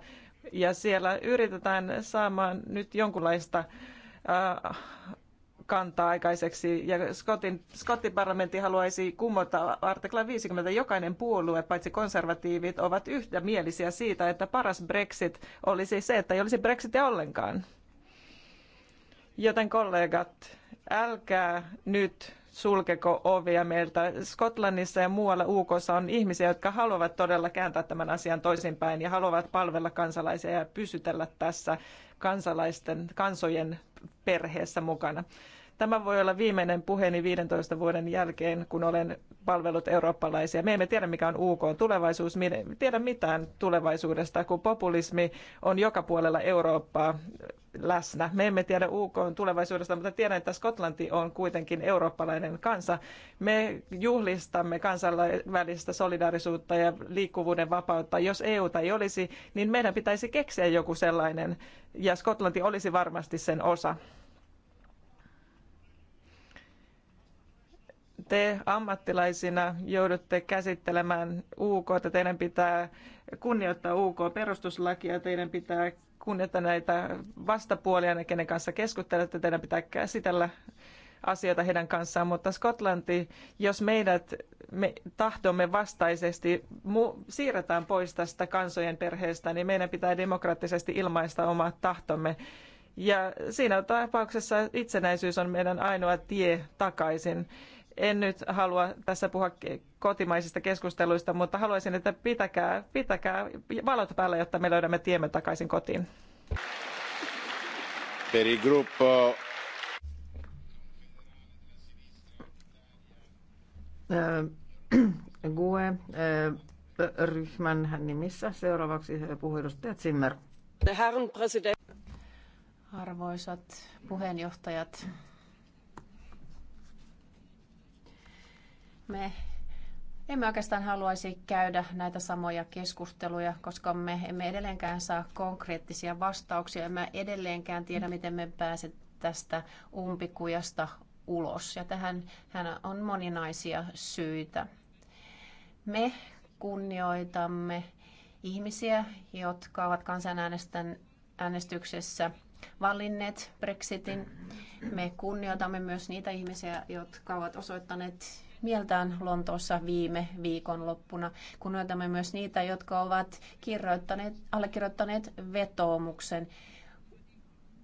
S1: ja siellä yritetään saamaan nyt jonkunlaista äh, kantaa aikaiseksi. Ja Skotin, Skotin parlamentti haluaisi kumota artikla 50. Jokainen puolue, paitsi konservatiivit, ovat yhtämielisiä siitä, että paras Brexit olisi se, että ei olisi Brexitia ollenkaan. Joten kollegat, älkää nyt sulkeko ovia meiltä. Skotlannissa ja muualla UK on ihmisiä, jotka haluavat todella kääntää tämän asian toisinpäin ja haluavat palvella kansalaisia ja pysytellä tässä kansalaisten, kansojen perheessä mukana. Tämä voi olla viimeinen puheeni 15 vuoden jälkeen, kun olen palvellut eurooppalaisia. Me emme tiedä, mikä on UK tulevaisuus. Me emme tiedä mitään tulevaisuudesta, kun populismi on joka puolella Eurooppaa läsnä. Me emme tiedä UK tulevaisuudesta, mutta tiedän, että Skotlanti on kuitenkin eurooppalainen kansa. Me juhlistamme kansainvälistä solidaarisuutta ja liikkuvuuden vapautta. Jos eu ei olisi, niin meidän pitäisi keksiä joku sellainen, ja Skotlanti olisi varmasti sen osa. te ammattilaisina joudutte käsittelemään UK, että teidän pitää kunnioittaa UK perustuslakia, teidän pitää kunnioittaa näitä vastapuolia, kenen kanssa keskustelette, teidän pitää käsitellä asioita heidän kanssaan, mutta Skotlanti, jos meidät me, tahtomme vastaisesti mu, siirretään pois tästä kansojen perheestä, niin meidän pitää demokraattisesti ilmaista oma tahtomme. Ja siinä tapauksessa itsenäisyys on meidän ainoa tie takaisin en nyt halua tässä puhua kotimaisista keskusteluista, mutta haluaisin, että pitäkää, pitäkää valot päällä, jotta me löydämme tiemme takaisin kotiin. Per gruppo... Uh,
S2: äh, GUE äh, ryhmän nimissä seuraavaksi äh, puhuu edustaja Zimmer.
S3: Arvoisat puheenjohtajat, me emme oikeastaan haluaisi käydä näitä samoja keskusteluja, koska me emme edelleenkään saa konkreettisia vastauksia. Emme edelleenkään tiedä, mm. miten me pääset tästä umpikujasta ulos. Ja tähän hän on moninaisia syitä. Me kunnioitamme ihmisiä, jotka ovat kansanäänestyksessä valinneet Brexitin. Me kunnioitamme myös niitä ihmisiä, jotka ovat osoittaneet mieltään Lontoossa viime viikonloppuna, kun otamme myös niitä, jotka ovat kirjoittaneet, allekirjoittaneet vetoomuksen.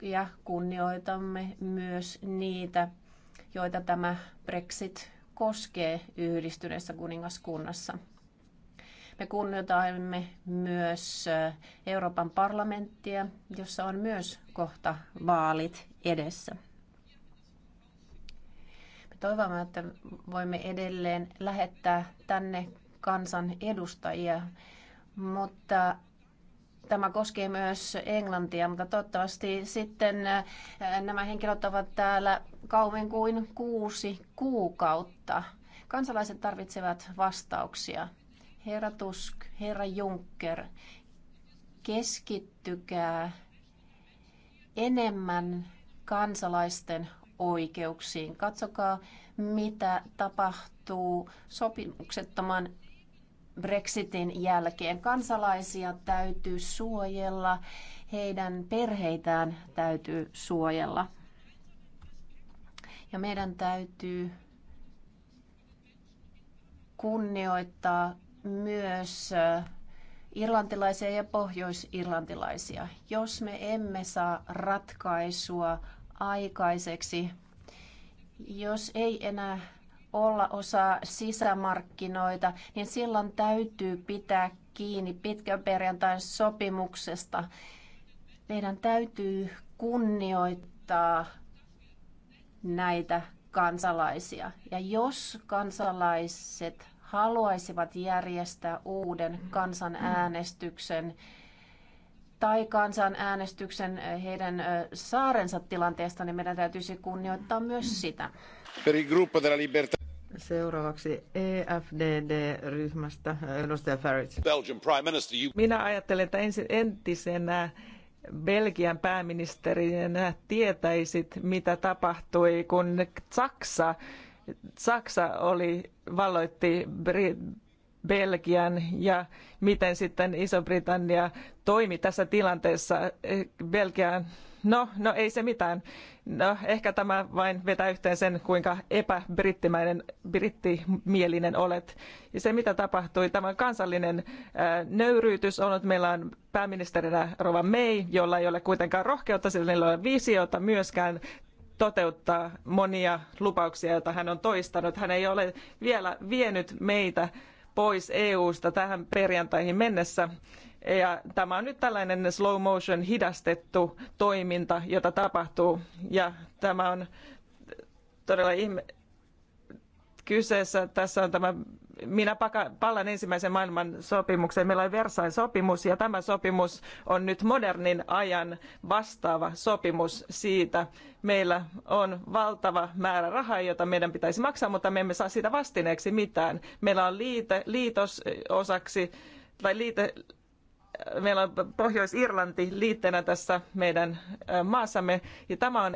S3: Ja kunnioitamme myös niitä, joita tämä Brexit koskee yhdistyneessä kuningaskunnassa. Me kunnioitamme myös äh, Euroopan parlamenttia, jossa on myös kohta vaalit edessä toivomme, että voimme edelleen lähettää tänne kansan edustajia, mutta tämä koskee myös Englantia, mutta toivottavasti sitten äh, nämä henkilöt ovat täällä kauemmin kuin kuusi kuukautta. Kansalaiset tarvitsevat vastauksia. Herra Tusk, herra Juncker, keskittykää enemmän kansalaisten oikeuksiin. Katsokaa, mitä tapahtuu sopimuksettoman Brexitin jälkeen. Kansalaisia täytyy suojella, heidän perheitään täytyy suojella. Ja meidän täytyy kunnioittaa myös äh, irlantilaisia ja pohjoisirlantilaisia. Jos me emme saa ratkaisua aikaiseksi. Jos ei enää olla osa sisämarkkinoita, niin silloin täytyy pitää kiinni pitkän perjantain sopimuksesta. Meidän täytyy kunnioittaa näitä kansalaisia. Ja jos kansalaiset haluaisivat järjestää uuden kansanäänestyksen, tai kansanäänestyksen eh, heidän eh, saarensa tilanteesta, niin meidän
S2: täytyisi kunnioittaa myös sitä. Seuraavaksi
S1: EFDD-ryhmästä eh, edustaja Farage. Minä ajattelen, että ensin, entisenä Belgian pääministerinä tietäisit, mitä tapahtui, kun Saksa, Saksa oli, valloitti Brit- Belgian ja miten sitten Iso-Britannia toimi tässä tilanteessa Belgian. No, no ei se mitään. No, ehkä tämä vain vetää yhteen sen, kuinka epäbrittimäinen, brittimielinen olet. Ja se, mitä tapahtui, tämä kansallinen ää, nöyryytys on, että meillä on pääministerinä Rova May, jolla ei ole kuitenkaan rohkeutta, sillä ei ole visiota myöskään toteuttaa monia lupauksia, joita hän on toistanut. Hän ei ole vielä vienyt meitä pois EUsta tähän perjantaihin mennessä. Ja tämä on nyt tällainen slow motion hidastettu toiminta, jota tapahtuu. Ja tämä on todella ihme. Kyseessä tässä on tämä minä palaan ensimmäisen maailman sopimukseen. Meillä on versailles sopimus ja tämä sopimus on nyt modernin ajan vastaava sopimus siitä. Meillä on valtava määrä rahaa, jota meidän pitäisi maksaa, mutta me emme saa siitä vastineeksi mitään. Meillä on liite, liitos eh, osaksi, tai liite, eh, meillä on Pohjois-Irlanti liitteenä tässä meidän eh, maassamme, ja tämä on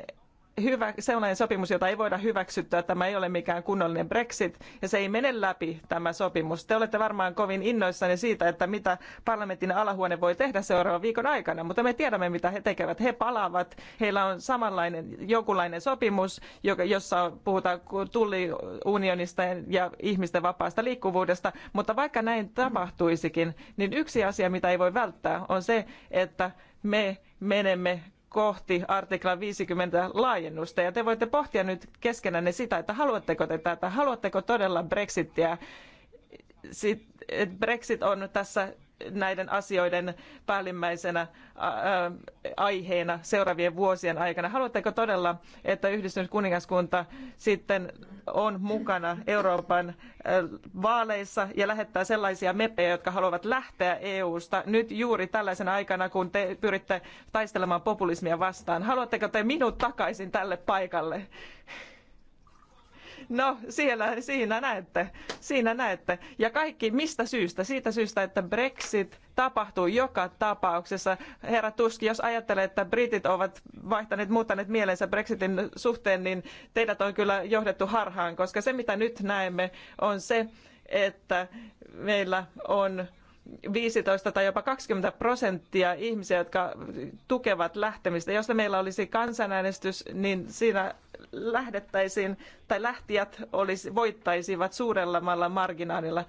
S1: hyvä, sellainen sopimus, jota ei voida hyväksyttää. Tämä ei ole mikään kunnollinen Brexit ja se ei mene läpi tämä sopimus. Te olette varmaan kovin innoissanne siitä, että mitä parlamentin alahuone voi tehdä seuraavan viikon aikana, mutta me tiedämme, mitä he tekevät. He palaavat, heillä on samanlainen jokinlainen sopimus, jossa puhutaan tulliunionista ja ihmisten vapaasta liikkuvuudesta, mutta vaikka näin tapahtuisikin, niin yksi asia, mitä ei voi välttää, on se, että me menemme kohti artikla 50 laajennusta. Ja te voitte pohtia nyt keskenänne sitä, että haluatteko te tätä, haluatteko todella Brexittiä. Brexit on tässä näiden asioiden päällimmäisenä aiheena seuraavien vuosien aikana. Haluatteko todella, että yhdistynyt kuningaskunta sitten on mukana Euroopan vaaleissa ja lähettää sellaisia meppejä, jotka haluavat lähteä EU-sta nyt juuri tällaisena aikana, kun te pyritte taistelemaan populismia vastaan? Haluatteko te minut takaisin tälle paikalle? No siellä, siinä näette, siinä näette. Ja kaikki mistä syystä? Siitä syystä, että Brexit tapahtuu joka tapauksessa. Herra Tuski, jos ajattelee, että britit ovat vaihtaneet, muuttaneet mielensä Brexitin suhteen, niin teidät on kyllä johdettu harhaan, koska se mitä nyt näemme on se, että meillä on 15 tai jopa 20 prosenttia ihmisiä, jotka tukevat lähtemistä. Jos meillä olisi kansanäänestys, niin siinä lähdettäisiin tai lähtijät olisi, voittaisivat suuremmalla marginaalilla.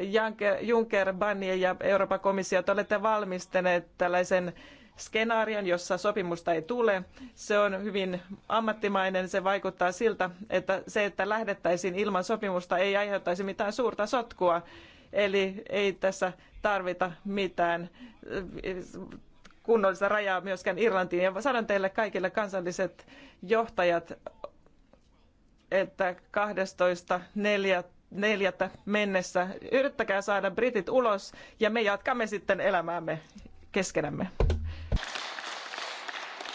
S1: Juncker, Juncker Barnier ja Euroopan komissio, te olette valmistaneet tällaisen skenaarion, jossa sopimusta ei tule. Se on hyvin ammattimainen, se vaikuttaa siltä, että se, että lähdettäisiin ilman sopimusta, ei aiheuttaisi mitään suurta sotkua. Eli ei tässä tarvita mitään kunnollista rajaa myöskään Irlantiin. Ja sanon teille kaikille kansalliset johtajat, että 12.4. mennessä yrittäkää saada britit ulos ja me jatkamme sitten elämäämme keskenämme.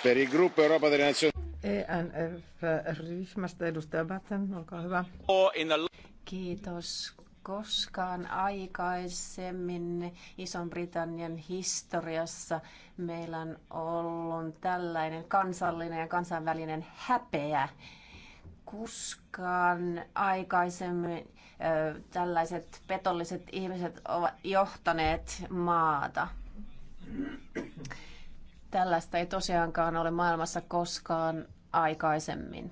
S1: Per il gruppo Europa delle Nazioni.
S2: ENF-ryhmästä edustaja Batten, olkaa hyvä. Kiitos
S3: koskaan aikaisemmin Ison-Britannian historiassa meillä on ollut tällainen kansallinen ja kansainvälinen häpeä. koskaan aikaisemmin ö, tällaiset petolliset ihmiset ovat johtaneet maata. Tällaista ei tosiaankaan ole maailmassa koskaan aikaisemmin.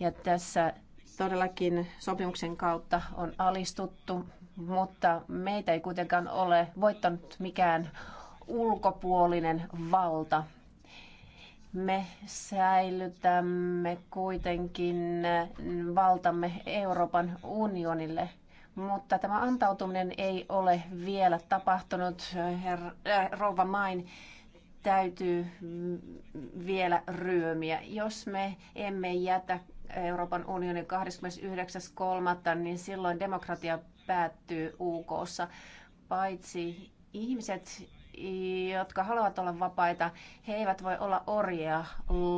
S3: Ja tässä todellakin sopimuksen kautta on alistuttu, mutta meitä ei kuitenkaan ole voittanut mikään ulkopuolinen valta. Me säilytämme kuitenkin valtamme Euroopan unionille, mutta tämä antautuminen ei ole vielä tapahtunut. Herra, äh, rouva Main, täytyy vielä ryömiä. Jos me emme jätä Euroopan unionin 29.3., niin silloin demokratia päättyy uk Paitsi ihmiset, jotka haluavat olla vapaita, he eivät voi olla orjia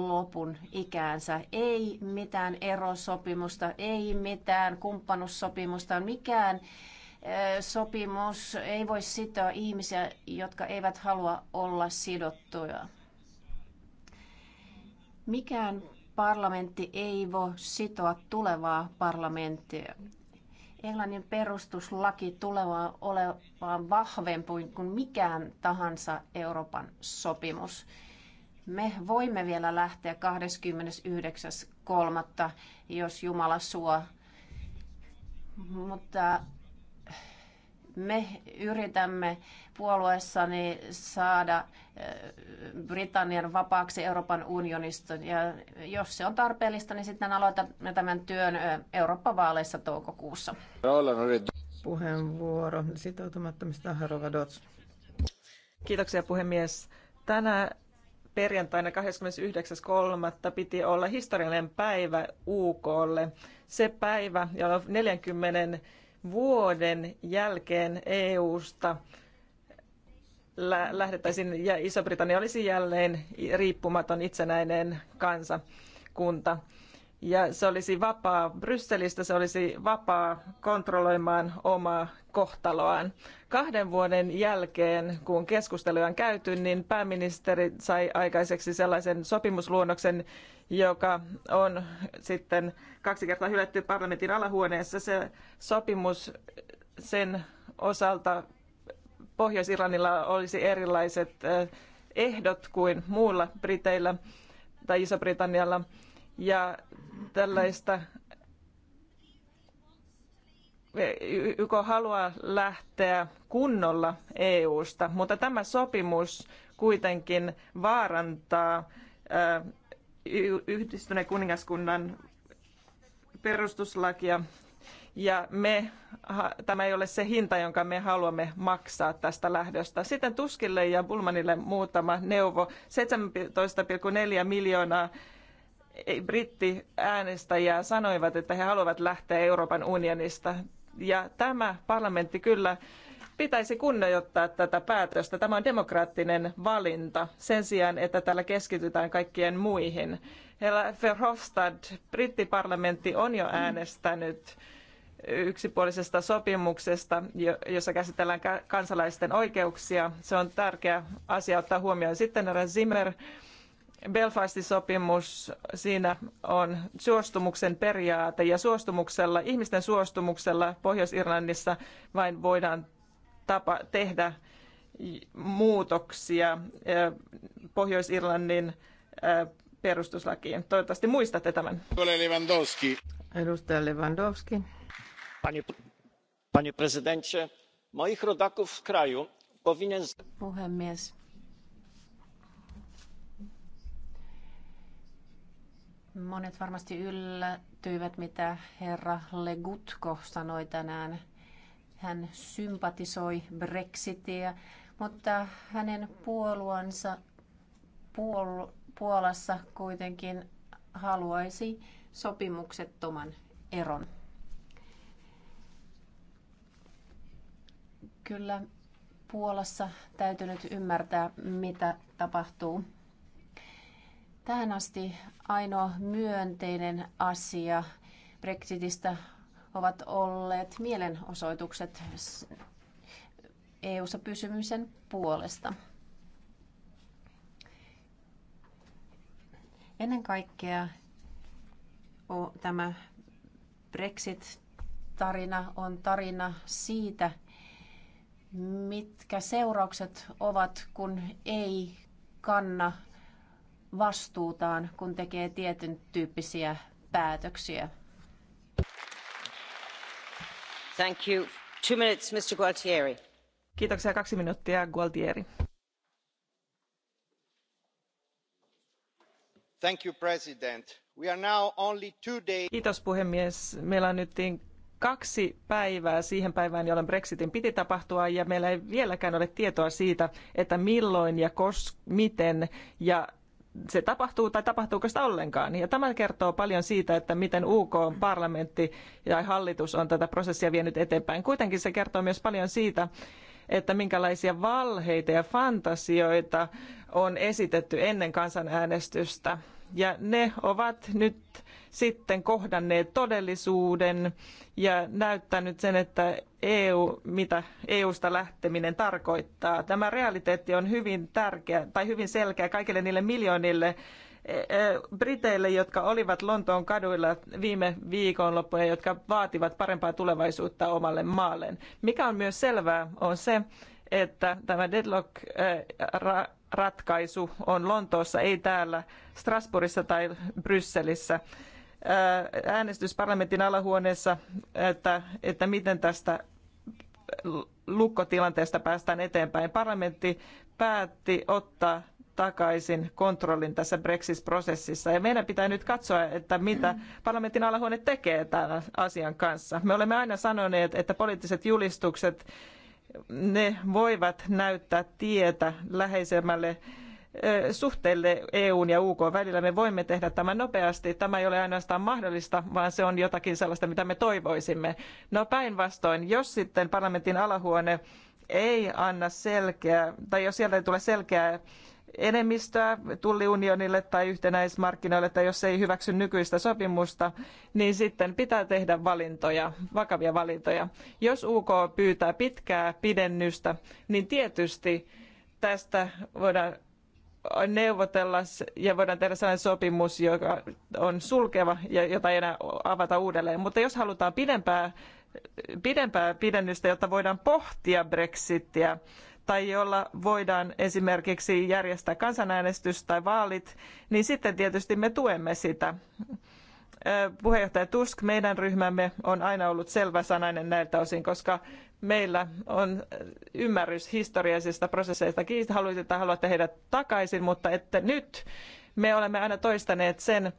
S3: lopun ikäänsä. Ei mitään erosopimusta, ei mitään kumppanussopimusta, mikään sopimus ei voi sitoa ihmisiä, jotka eivät halua olla sidottuja. Mikään parlamentti ei voi sitoa tulevaa parlamenttia. Englannin perustuslaki tulevaan olevaan vahvempi kuin mikään tahansa Euroopan sopimus. Me voimme vielä lähteä 29.3., jos Jumala suo. Mutta me yritämme puolueessani saada eh, Britannian vapaaksi Euroopan unionista ja jos se on tarpeellista, niin sitten aloitamme tämän työn eh, Eurooppa-vaaleissa
S1: toukokuussa. Puheenvuoro sitoutumattomista Dots. Kiitoksia puhemies. Tänä perjantaina 29.3. piti olla historiallinen päivä UKlle. Se päivä, jolloin 40 vuoden jälkeen EU-sta lähdettäisiin ja Iso-Britannia olisi jälleen riippumaton itsenäinen kansakunta ja se olisi vapaa Brysselistä, se olisi vapaa kontrolloimaan omaa kohtaloaan. Kahden vuoden jälkeen, kun keskusteluja on käyty, niin pääministeri sai aikaiseksi sellaisen sopimusluonnoksen, joka on sitten kaksi kertaa hylätty parlamentin alahuoneessa. Se sopimus sen osalta Pohjois-Irlannilla olisi erilaiset ehdot kuin muulla Briteillä tai Iso-Britannialla. Ja tällaista e, YK haluaa lähteä kunnolla EU-sta, mutta tämä sopimus kuitenkin vaarantaa yhdistyneen kuningaskunnan perustuslakia ja me, tämä ei ole se hinta, jonka me haluamme maksaa tästä lähdöstä. Sitten Tuskille ja Bulmanille muutama neuvo. 17,4 miljoonaa britti äänestäjää sanoivat, että he haluavat lähteä Euroopan unionista. Ja tämä parlamentti kyllä pitäisi kunnioittaa tätä päätöstä. Tämä on demokraattinen valinta sen sijaan, että täällä keskitytään kaikkien muihin. Herra Verhofstadt, brittiparlamentti on jo äänestänyt yksipuolisesta sopimuksesta, jossa käsitellään kansalaisten oikeuksia. Se on tärkeä asia ottaa huomioon. Sitten herra Zimmer, Belfastin sopimus, siinä on suostumuksen periaate ja suostumuksella, ihmisten suostumuksella Pohjois-Irlannissa vain voidaan tapa, tehdä muutoksia Pohjois-Irlannin perustuslakiin. Toivottavasti muistatte tämän. Lewandowski. Edustaja Lewandowski. Pani, pani presidentti, moich rodaków w kraju powinien...
S3: Puhemies, Monet varmasti yllätyivät, mitä herra Legutko sanoi tänään. Hän sympatisoi Brexitiä, mutta hänen puolueensa puol- Puolassa kuitenkin haluaisi sopimuksettoman eron. Kyllä Puolassa täytyy nyt ymmärtää, mitä tapahtuu. Tähän asti ainoa myönteinen asia Brexitistä ovat olleet mielenosoitukset EU-ssa pysymisen puolesta. Ennen kaikkea tämä Brexit-tarina on tarina siitä, mitkä seuraukset ovat, kun ei kanna vastuutaan, kun tekee tietyn tyyppisiä päätöksiä.
S1: Thank you. Two minutes, Mr. Gualtieri. Kiitoksia. Kaksi minuuttia, Gualtieri. Thank you,
S3: President.
S1: We are now only two days... Kiitos puhemies. Meillä on nyt niin kaksi päivää siihen päivään, jolloin Brexitin piti tapahtua, ja meillä ei vieläkään ole tietoa siitä, että milloin ja kos, miten ja se tapahtuu tai tapahtuuko sitä ollenkaan. Ja tämä kertoo paljon siitä, että miten UK parlamentti ja hallitus on tätä prosessia vienyt eteenpäin. Kuitenkin se kertoo myös paljon siitä, että minkälaisia valheita ja fantasioita on esitetty ennen kansanäänestystä ja ne ovat nyt sitten kohdanneet todellisuuden ja näyttänyt sen, että EU, mitä EUsta lähteminen tarkoittaa. Tämä realiteetti on hyvin tärkeä tai hyvin selkeä kaikille niille miljoonille e, e, Briteille, jotka olivat Lontoon kaduilla viime viikonloppuja, jotka vaativat parempaa tulevaisuutta omalle maalleen. Mikä on myös selvää, on se, että tämä deadlock e, ratkaisu on Lontoossa, ei täällä Strasbourgissa tai Brysselissä. Äänestys parlamentin alahuoneessa, että, että miten tästä lukkotilanteesta päästään eteenpäin. Parlamentti päätti ottaa takaisin kontrollin tässä Brexit-prosessissa. Ja meidän pitää nyt katsoa, että mitä parlamentin alahuone tekee tämän asian kanssa. Me olemme aina sanoneet, että poliittiset julistukset ne voivat näyttää tietä läheisemmälle suhteelle EUn ja UK välillä. Me voimme tehdä tämän nopeasti. Tämä ei ole ainoastaan mahdollista, vaan se on jotakin sellaista, mitä me toivoisimme. No päinvastoin, jos sitten parlamentin alahuone ei anna selkeää, tai jos sieltä ei tule selkeää enemmistöä tulliunionille tai yhtenäismarkkinoille, tai jos ei hyväksy nykyistä sopimusta, niin sitten pitää tehdä valintoja, vakavia valintoja. Jos UK pyytää pitkää pidennystä, niin tietysti tästä voidaan neuvotella ja voidaan tehdä sellainen sopimus, joka on sulkeva ja jota ei enää avata uudelleen. Mutta jos halutaan pidempää, pidempää pidennystä, jotta voidaan pohtia Brexitiä, tai jolla voidaan esimerkiksi järjestää kansanäänestys tai vaalit, niin sitten tietysti me tuemme sitä. Puheenjohtaja Tusk, meidän ryhmämme on aina ollut selväsanainen näiltä osin, koska meillä on ymmärrys historiallisista prosesseista. Kiista haluatte, että haluatte heidät takaisin, mutta että nyt me olemme aina toistaneet sen,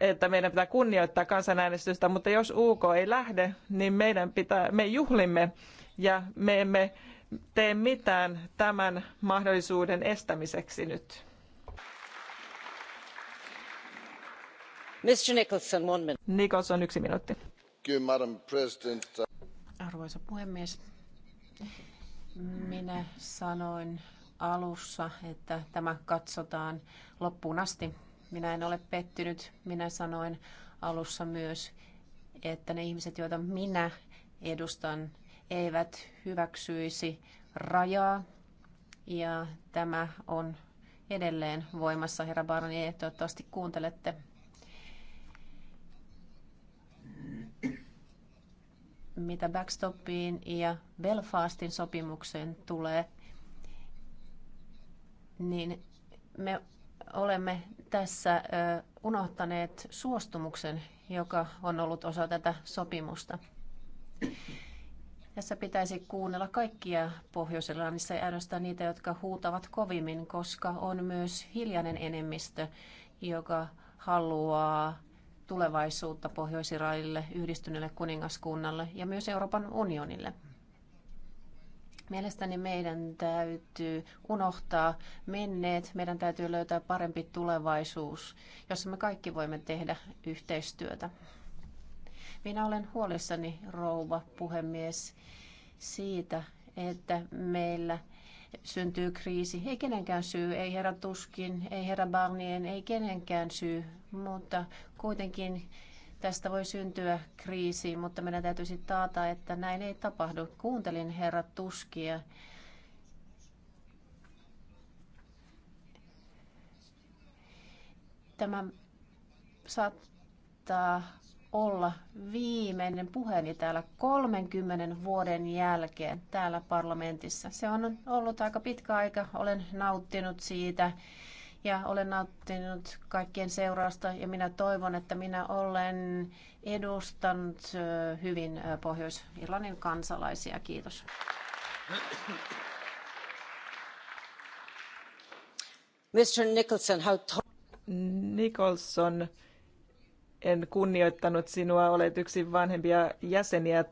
S1: että meidän pitää kunnioittaa kansanäänestystä, mutta jos UK ei lähde, niin meidän pitää, me juhlimme ja me emme tee mitään tämän mahdollisuuden estämiseksi nyt. Mr. Nicholson, one minute. Nicholson, yksi minuutti.
S3: Arvoisa puhemies, minä sanoin alussa, että tämä katsotaan loppuun asti. Minä en ole pettynyt. Minä sanoin alussa myös, että ne ihmiset, joita minä edustan, eivät hyväksyisi rajaa. Ja tämä on edelleen voimassa. Herra Barnier, toivottavasti kuuntelette. Mitä backstopiin ja Belfastin sopimukseen tulee, niin me olemme tässä unohtaneet suostumuksen, joka on ollut osa tätä sopimusta. Tässä pitäisi kuunnella kaikkia pohjois ja ainoastaan niitä, jotka huutavat kovimmin, koska on myös hiljainen enemmistö, joka haluaa tulevaisuutta pohjois yhdistyneelle kuningaskunnalle ja myös Euroopan unionille. Mielestäni meidän täytyy unohtaa menneet, meidän täytyy löytää parempi tulevaisuus, jossa me kaikki voimme tehdä yhteistyötä. Minä olen huolissani, rouva puhemies, siitä, että meillä syntyy kriisi. Ei kenenkään syy, ei herra Tuskin, ei herra Barnien, ei kenenkään syy, mutta kuitenkin tästä voi syntyä kriisi, mutta meidän täytyisi taata, että näin ei tapahdu. Kuuntelin herra Tuskia. Tämä saattaa olla viimeinen puheeni täällä 30 vuoden jälkeen täällä parlamentissa. Se on ollut aika pitkä aika. Olen nauttinut siitä ja olen nauttinut kaikkien seurausta ja minä toivon, että minä olen edustanut hyvin Pohjois-Irlannin kansalaisia. Kiitos.
S1: Mr. Nicholson, how... Nicholson, en kunnioittanut sinua, olet yksi vanhempia jäseniä